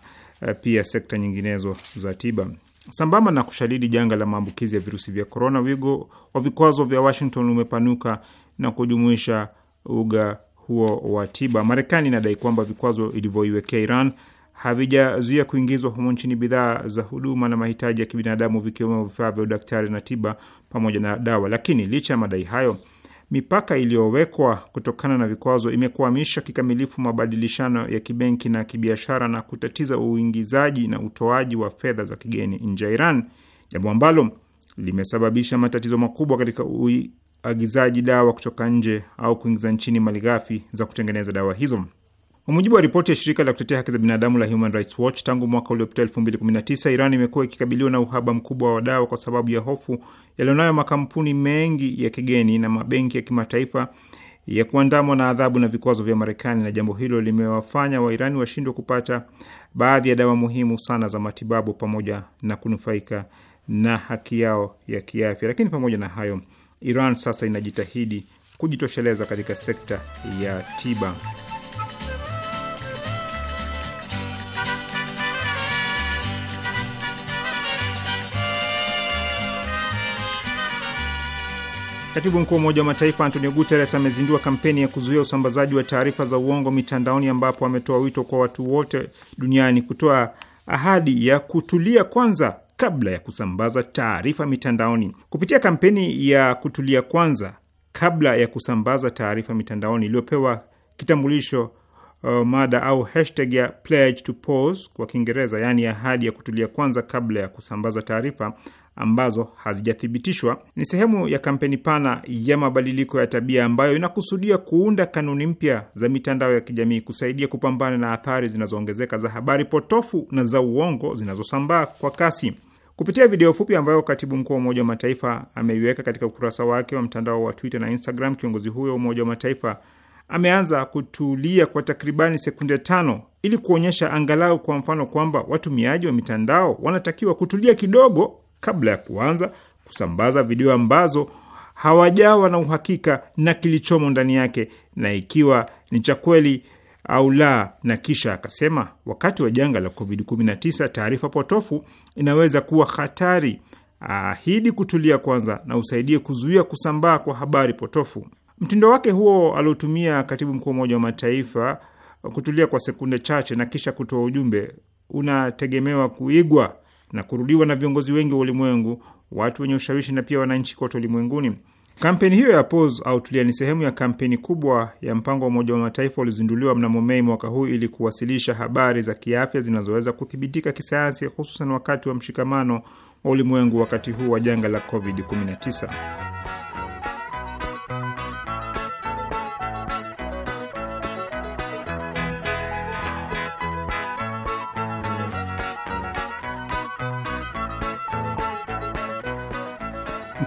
eh, pia sekta nyinginezo za tiba. Sambamba na kushadidi janga la maambukizi ya virusi vya korona, wigo wa vikwazo vya Washington umepanuka na kujumuisha uga huo wa tiba. Marekani inadai kwamba vikwazo ilivyoiwekea Iran havijazuia kuingizwa humo nchini bidhaa za huduma na mahitaji ya kibinadamu vikiwemo vifaa vya udaktari na tiba pamoja na dawa. Lakini licha ya madai hayo, mipaka iliyowekwa kutokana na vikwazo imekwamisha kikamilifu mabadilishano ya kibenki na kibiashara na kutatiza uingizaji na utoaji wa fedha za kigeni nje ya Iran, jambo ambalo limesababisha matatizo makubwa katika uagizaji dawa kutoka nje au kuingiza nchini malighafi za kutengeneza dawa hizo. Kwa mujibu wa ripoti ya shirika la kutetea haki za binadamu la Human Rights Watch, tangu mwaka uliopita 2019 Iran imekuwa ikikabiliwa na uhaba mkubwa wa dawa kwa sababu ya hofu yaliyonayo makampuni mengi ya kigeni na mabenki ya kimataifa ya kuandamwa na adhabu na vikwazo vya Marekani, na jambo hilo limewafanya Wairani washindwe kupata baadhi ya dawa muhimu sana za matibabu pamoja na kunufaika na haki yao ya kiafya. Lakini pamoja na hayo Iran sasa inajitahidi kujitosheleza katika sekta ya tiba. Katibu mkuu wa Umoja wa Mataifa Antonio Guterres amezindua kampeni ya kuzuia usambazaji wa taarifa za uongo mitandaoni, ambapo ametoa wito kwa watu wote duniani kutoa ahadi ya kutulia kwanza kabla ya kusambaza taarifa mitandaoni. Kupitia kampeni ya kutulia kwanza kabla ya kusambaza taarifa mitandaoni iliyopewa kitambulisho uh, mada au hashtag ya pledge to pause kwa Kiingereza, yaani ahadi ya kutulia kwanza kabla ya kusambaza taarifa, ambazo hazijathibitishwa ni sehemu ya kampeni pana ya mabadiliko ya tabia ambayo inakusudia kuunda kanuni mpya za mitandao ya kijamii kusaidia kupambana na athari zinazoongezeka za habari potofu na za uongo zinazosambaa kwa kasi. Kupitia video fupi ambayo katibu mkuu wa Umoja wa Mataifa ameiweka katika ukurasa wake wa mtandao wa Twitter na Instagram, kiongozi huyo wa Umoja wa Mataifa ameanza kutulia kwa takribani sekunde tano ili kuonyesha angalau kwa mfano kwamba watumiaji wa mitandao wanatakiwa kutulia kidogo kabla ya kuanza kusambaza video ambazo hawajawa na uhakika na kilichomo ndani yake na ikiwa ni cha kweli au la. Na kisha akasema, wakati wa janga la COVID-19 taarifa potofu inaweza kuwa hatari. Ahidi kutulia kwanza na usaidie kuzuia kusambaa kwa habari potofu. Mtindo wake huo aliotumia katibu mkuu wa Umoja wa Mataifa, kutulia kwa sekunde chache na kisha kutoa ujumbe, unategemewa kuigwa na kurudiwa na viongozi wengi wa ulimwengu, watu wenye ushawishi na pia wananchi kote ulimwenguni. Kampeni hiyo ya Pause au Tulia ni sehemu ya kampeni kubwa ya mpango wa Umoja wa Mataifa uliozinduliwa mnamo Mei mwaka huu ili kuwasilisha habari za kiafya zinazoweza kuthibitika kisayansi, hususan wakati wa mshikamano wa ulimwengu wakati huu wa janga la COVID-19.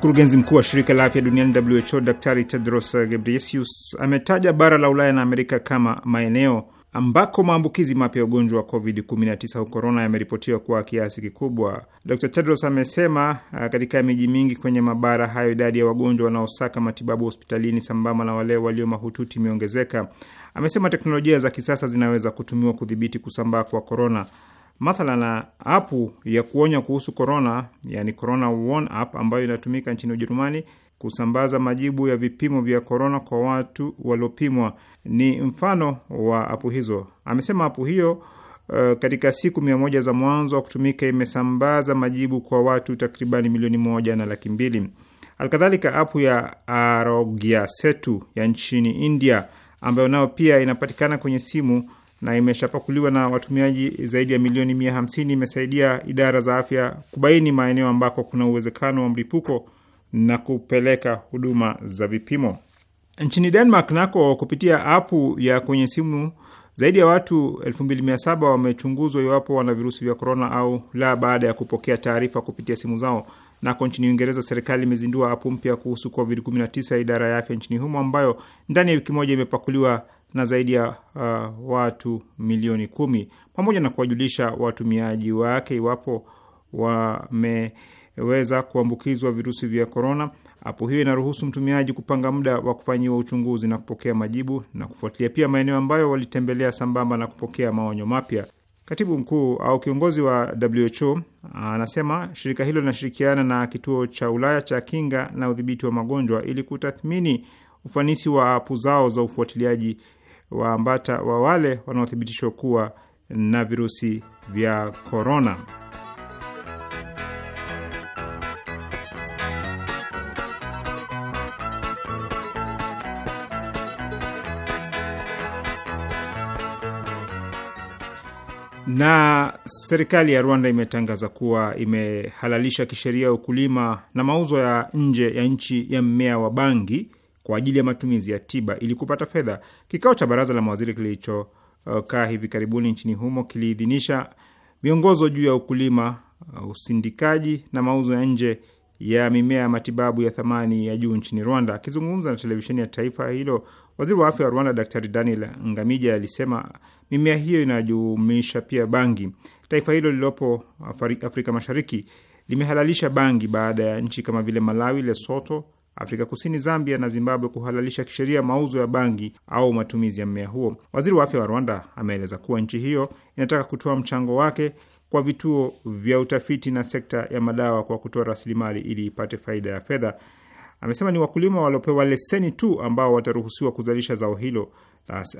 Mkurugenzi mkuu wa shirika la afya duniani WHO Daktari Tedros Ghebreyesus ametaja bara la Ulaya na Amerika kama maeneo ambako maambukizi mapya ya ugonjwa wa COVID-19 au korona yameripotiwa kwa kiasi kikubwa. Dr Tedros amesema uh, katika miji mingi kwenye mabara hayo idadi ya wagonjwa wanaosaka matibabu hospitalini sambamba na wale walio mahututi imeongezeka. Amesema teknolojia za kisasa zinaweza kutumiwa kudhibiti kusambaa kwa korona na apu ya kuonya kuhusu corona, yani corona warn app, ambayo inatumika nchini Ujerumani kusambaza majibu ya vipimo vya korona kwa watu waliopimwa ni mfano wa apu hizo. Amesema apu hiyo uh, katika siku mia moja za mwanzo wa kutumika imesambaza majibu kwa watu takribani milioni moja na laki mbili. Alkadhalika, apu ya Arogya Setu ya nchini India ambayo nayo pia inapatikana kwenye simu na imeshapakuliwa na watumiaji zaidi ya milioni mia hamsini imesaidia idara za afya kubaini maeneo ambako kuna uwezekano wa mlipuko na kupeleka huduma za vipimo. Nchini Denmark nako, kupitia apu ya kwenye simu, zaidi ya watu 2700 wamechunguzwa iwapo wana virusi vya korona au la, baada ya kupokea taarifa kupitia simu zao. Nako nchini Uingereza, serikali imezindua apu mpya kuhusu COVID-19 ya idara ya afya nchini humo, ambayo ndani ya wiki moja imepakuliwa na zaidi ya uh, watu milioni kumi pamoja na kuwajulisha watumiaji wake iwapo wameweza kuambukizwa virusi vya korona. Apu hiyo inaruhusu mtumiaji kupanga muda wa kufanyiwa uchunguzi na kupokea majibu na kufuatilia pia maeneo ambayo walitembelea sambamba na kupokea maonyo mapya. Katibu mkuu au kiongozi wa WHO anasema shirika hilo linashirikiana na kituo cha Ulaya cha kinga na udhibiti wa magonjwa ili kutathmini ufanisi wa apu zao za ufuatiliaji waambata wa wale wanaothibitishwa kuwa na virusi vya korona. Na serikali ya Rwanda imetangaza kuwa imehalalisha kisheria ukulima na mauzo ya nje ya nchi ya mmea wa bangi kwa ajili ya matumizi ya tiba ili kupata fedha. Kikao cha baraza la mawaziri kilichokaa uh, hivi karibuni nchini humo kiliidhinisha miongozo juu ya ukulima, uh, usindikaji na mauzo ya nje ya mimea ya matibabu ya thamani ya juu nchini Rwanda. Akizungumza na televisheni ya taifa hilo, waziri wa afya wa Rwanda Daktari Daniel Ngamija alisema mimea hiyo inajumuisha pia bangi. Taifa hilo lililopo Afrika Mashariki limehalalisha bangi baada ya nchi kama vile Malawi, Lesoto, Afrika Kusini, Zambia na Zimbabwe kuhalalisha kisheria mauzo ya bangi au matumizi ya mmea huo. Waziri wa afya wa Rwanda ameeleza kuwa nchi hiyo inataka kutoa mchango wake kwa vituo vya utafiti na sekta ya madawa kwa kutoa rasilimali ili ipate faida ya fedha. Amesema ni wakulima waliopewa leseni tu ambao wataruhusiwa kuzalisha zao hilo.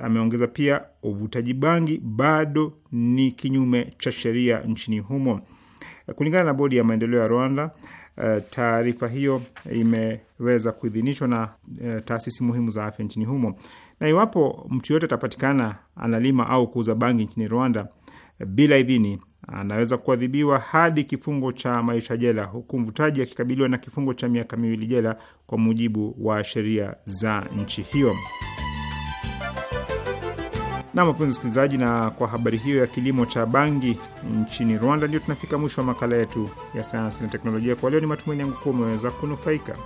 Ameongeza pia uvutaji bangi bado ni kinyume cha sheria nchini humo. Kulingana na bodi ya maendeleo ya Rwanda, Eh, taarifa hiyo imeweza kuidhinishwa na eh, taasisi muhimu za afya nchini humo. Na iwapo mtu yoyote atapatikana analima au kuuza bangi nchini Rwanda eh, bila idhini, anaweza kuadhibiwa hadi kifungo cha maisha jela, huku mvutaji akikabiliwa na kifungo cha miaka miwili jela, kwa mujibu wa sheria za nchi hiyo. Na mapenzi msikilizaji, na kwa habari hiyo ya kilimo cha bangi nchini Rwanda, ndio tunafika mwisho wa makala yetu ya sayansi na teknolojia kwa leo. Ni matumaini yangu kuwa umeweza kunufaika.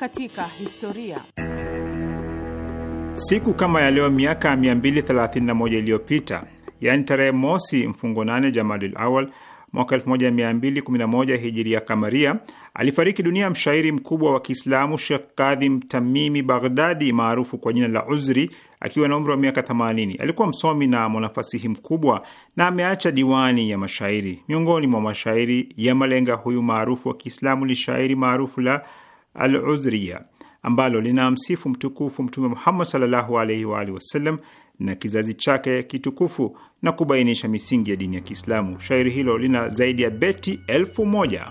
katika historia. Siku kama ya leo miaka 231 iliyopita, yaani tarehe mosi mfungo nane Jamadil Awal mwaka 1211 hijiria kamaria, alifariki dunia mshairi mkubwa wa Kiislamu Shekh Kadhim Tamimi Baghdadi maarufu kwa jina la Uzri akiwa na umri wa miaka 80. Alikuwa msomi na mwanafasihi mkubwa na ameacha diwani ya mashairi. Miongoni mwa mashairi ya malenga huyu maarufu wa Kiislamu ni shairi maarufu la al Uzriya ambalo lina msifu mtukufu Mtume Muhammad sallallahu alaihi wa alihi wasallam na kizazi chake kitukufu na kubainisha misingi ya dini ya Kiislamu. Shairi hilo lina zaidi ya beti elfu moja.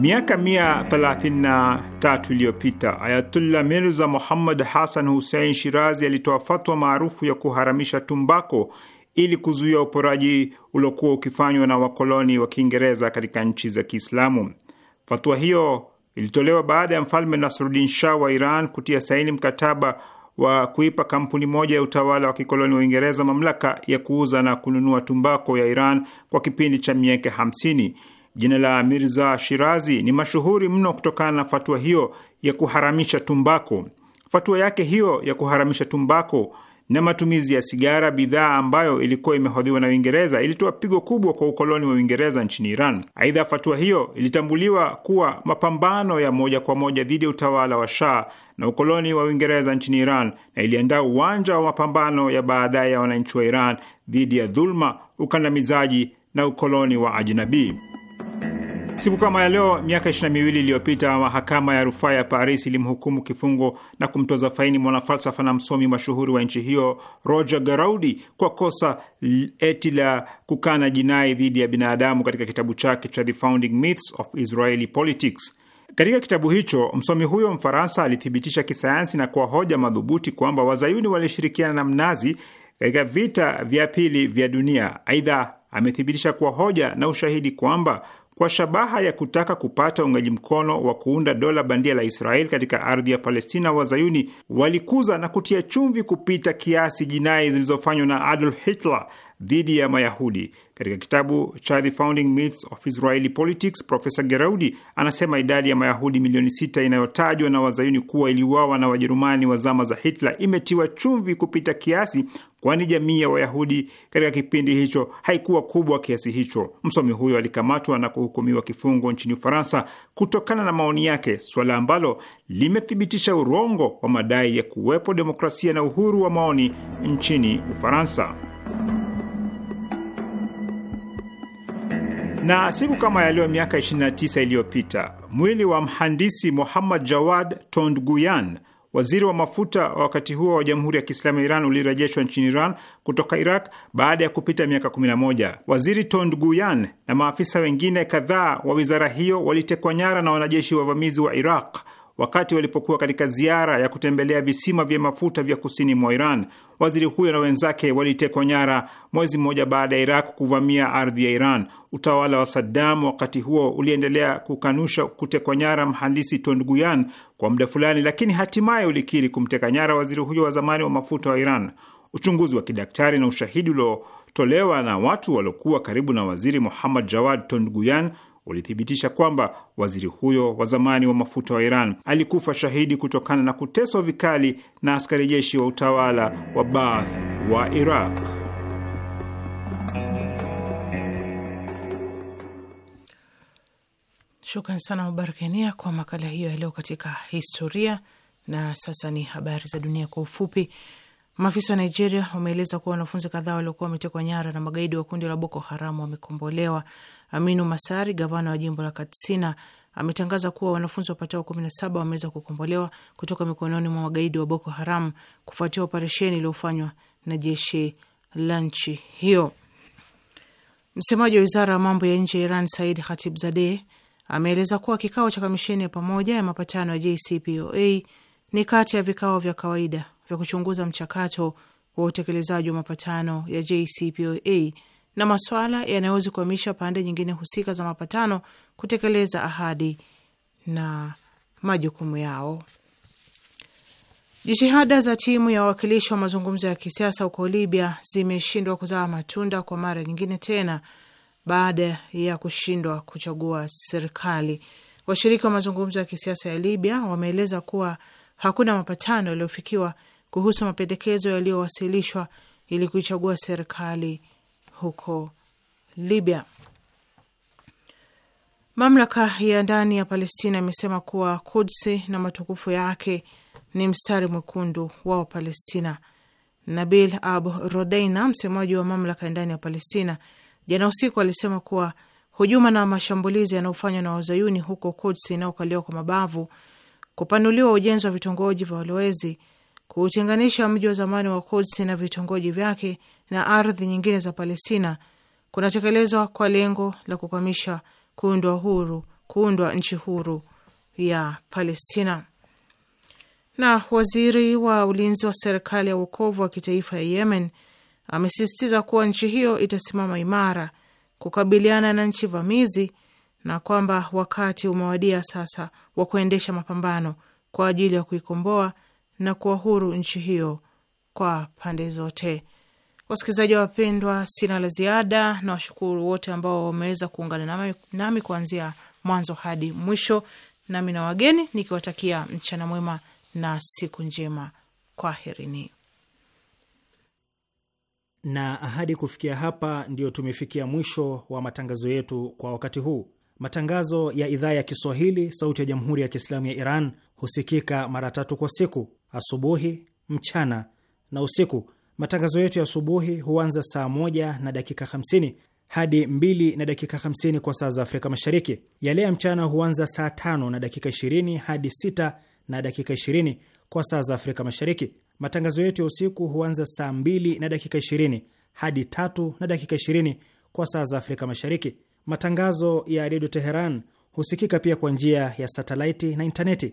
Miaka mia thelathini na tatu iliyopita Ayatullah Mirza Muhammad Hassan Hussein Shirazi alitoa fatwa maarufu ya kuharamisha tumbako ili kuzuia uporaji uliokuwa ukifanywa na wakoloni wa Kiingereza katika nchi za Kiislamu. Fatua hiyo ilitolewa baada ya mfalme Nasrudin Shah wa Iran kutia saini mkataba wa kuipa kampuni moja ya utawala wa kikoloni wa Uingereza mamlaka ya kuuza na kununua tumbako ya Iran kwa kipindi cha miaka 50. Jina la Mirza Shirazi ni mashuhuri mno kutokana na fatua hiyo ya kuharamisha tumbako. Fatua yake hiyo ya kuharamisha tumbako na matumizi ya sigara, bidhaa ambayo ilikuwa imehodhiwa na Uingereza, ilitoa pigo kubwa kwa ukoloni wa Uingereza nchini Iran. Aidha, fatua hiyo ilitambuliwa kuwa mapambano ya moja kwa moja dhidi ya utawala wa Shah na ukoloni wa Uingereza nchini Iran na iliandaa uwanja wa mapambano ya baadaye ya wananchi wa Iran dhidi ya dhuluma, ukandamizaji na ukoloni wa ajnabii. Siku kama ya leo miaka ishirini na miwili iliyopita mahakama ya rufaa ya Paris ilimhukumu kifungo na kumtoza faini mwanafalsafa na msomi mashuhuri wa nchi hiyo Roger Garaudi kwa kosa eti la kukana jinai dhidi ya binadamu katika kitabu chake cha The Founding Myths of Israeli Politics. Katika kitabu hicho msomi huyo Mfaransa alithibitisha kisayansi na kwa hoja madhubuti kwamba wazayuni walishirikiana na mnazi katika vita vya pili vya dunia. Aidha, amethibitisha kwa hoja na ushahidi kwamba kwa shabaha ya kutaka kupata uungaji mkono wa kuunda dola bandia la israeli katika ardhi ya Palestina. Wazayuni walikuza na kutia chumvi kupita kiasi jinai zilizofanywa na Adolf Hitler dhidi ya Mayahudi. Katika kitabu cha The Founding Myths of Israeli Politics, Profesa Geraudi anasema idadi ya Mayahudi milioni sita inayotajwa na Wazayuni kuwa iliuawa na Wajerumani wa zama za Hitler imetiwa chumvi kupita kiasi kwani jamii ya Wayahudi katika kipindi hicho haikuwa kubwa kiasi hicho. Msomi huyo alikamatwa na kuhukumiwa kifungo nchini Ufaransa kutokana na maoni yake, suala ambalo limethibitisha urongo wa madai ya kuwepo demokrasia na uhuru wa maoni nchini Ufaransa. Na siku kama yaliyo miaka 29 iliyopita mwili wa mhandisi Muhammad Jawad Tondguyan Waziri wa mafuta wa wakati huo wa Jamhuri ya Kiislamu ya Iran ulirejeshwa nchini Iran kutoka Iraq baada ya kupita miaka 11. Waziri Tondguyan na maafisa wengine kadhaa wa wizara hiyo walitekwa nyara na wanajeshi wavamizi wa Iraq wakati walipokuwa katika ziara ya kutembelea visima vya mafuta vya kusini mwa Iran. Waziri huyo na wenzake walitekwa nyara mwezi mmoja baada ya Iraq kuvamia ardhi ya Iran. Utawala wa Saddam wakati huo uliendelea kukanusha kutekwa nyara mhandisi tondguyan kwa muda fulani, lakini hatimaye ulikiri kumteka nyara waziri huyo wa zamani wa mafuta wa Iran. Uchunguzi wa kidaktari na ushahidi uliotolewa na watu waliokuwa karibu na waziri Muhammad Jawad tondguyan ulithibitisha kwamba waziri huyo wa zamani wa mafuta wa Iran alikufa shahidi kutokana na kuteswa vikali na askari jeshi wa utawala wa Baath wa Iraq. Shukran sana Mubarak Enia kwa makala hiyo ya leo katika historia. Na sasa ni habari za dunia kwa ufupi. Maafisa wa Nigeria wameeleza kuwa wanafunzi kadhaa waliokuwa wametekwa nyara na magaidi wa kundi la Boko Haramu wamekombolewa. Aminu Masari, gavana wa jimbo la Katsina, ametangaza kuwa wanafunzi wapatao saba wameweza kukombolewa kutoka mikononi mwa magaidi wa Boko Haram kufuatia operesheni iliyofanywa na jeshi la nchi hiyo. Msemaji wa wizara ya mambo ya nje ya Iran, Said Khatibzadeh, ameeleza kuwa kikao cha kamisheni ya pamoja ya mapatano ya JCPOA ni kati ya vikao vya kawaida ya kuchunguza mchakato wa utekelezaji wa mapatano ya JCPOA na maswala yanayozikwamisha pande nyingine husika za mapatano kutekeleza ahadi na majukumu yao. Jitihada za timu ya wawakilishi wa mazungumzo ya kisiasa huko Libya zimeshindwa kuzaa matunda kwa mara nyingine tena baada ya kushindwa kuchagua serikali. Washiriki wa mazungumzo ya kisiasa ya Libya wameeleza kuwa hakuna mapatano yaliyofikiwa kuhusu mapendekezo yaliyowasilishwa ili kuichagua serikali huko Libya. Mamlaka ya ndani ya Palestina imesema kuwa Kudsi na matukufu yake ni mstari mwekundu wa Wapalestina. Nabil Abu Rodeina, msemaji wa mamlaka ya ndani ya Palestina, jana usiku alisema kuwa hujuma na mashambulizi yanayofanywa na wazayuni huko Kudsi inayokaliwa kwa mabavu, kupanuliwa ujenzi wa vitongoji vya walowezi Kuutenganisha mji wa zamani wa Kuds na vitongoji vyake na ardhi nyingine za Palestina kunatekelezwa kwa lengo la kukwamisha kuundwa huru kuundwa nchi huru ya Palestina. Na waziri wa ulinzi wa serikali ya uokovu wa kitaifa ya Yemen amesisitiza kuwa nchi hiyo itasimama imara kukabiliana na nchi vamizi na kwamba wakati umewadia sasa wa kuendesha mapambano kwa ajili ya kuikomboa na kuwa huru nchi hiyo kwa pande zote. Wasikilizaji wapendwa, sina la ziada na washukuru wote ambao wameweza kuungana nami, nami kuanzia mwanzo hadi mwisho, nami na wageni nikiwatakia mchana mwema na siku njema. Kwaherini na ahadi. Kufikia hapa, ndiyo tumefikia mwisho wa matangazo yetu kwa wakati huu. Matangazo ya idhaa ya Kiswahili, Sauti ya Jamhuri ya Kiislamu ya Iran husikika mara tatu kwa siku asubuhi, mchana na usiku. Matangazo yetu ya asubuhi huanza saa moja na dakika hamsini hadi 2 na dakika 50 kwa saa za Afrika Mashariki. Yale ya mchana huanza saa tano na dakika ishirini hadi sita na dakika ishirini kwa saa za Afrika Mashariki. Matangazo yetu ya usiku huanza saa mbili na dakika ishirini hadi tatu na dakika ishirini kwa saa za Afrika Mashariki. Matangazo ya Redio Teheran husikika pia kwa njia ya satelaiti na intaneti.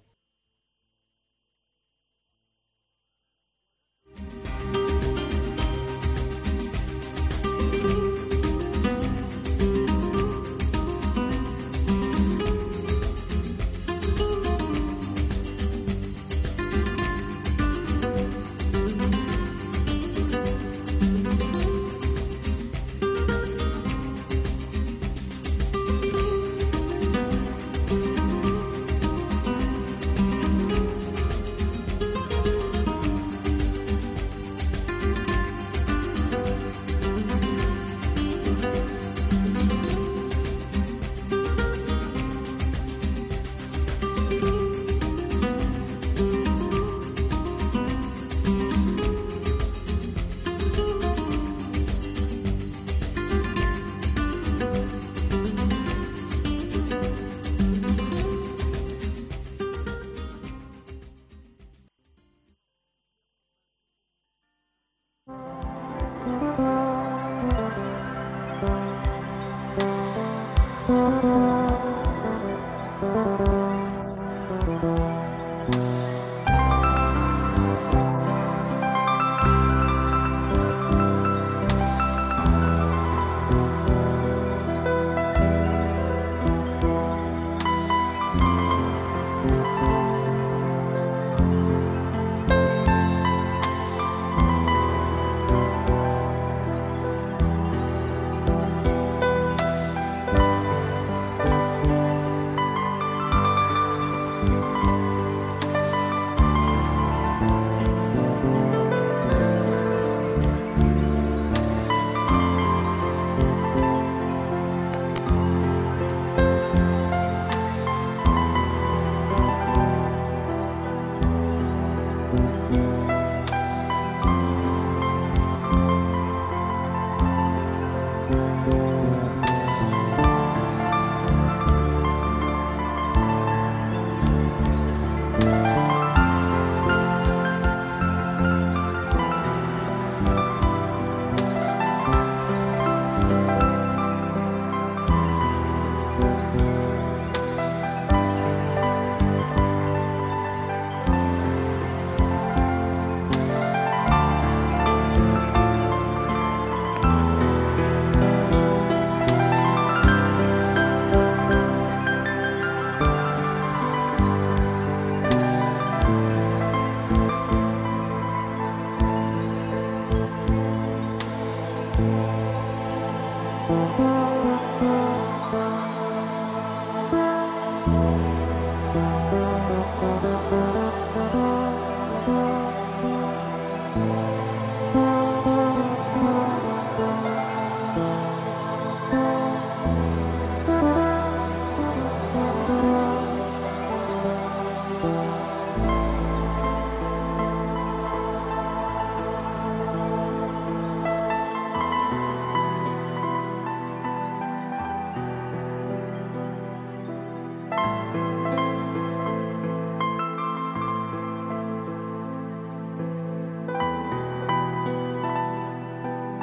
you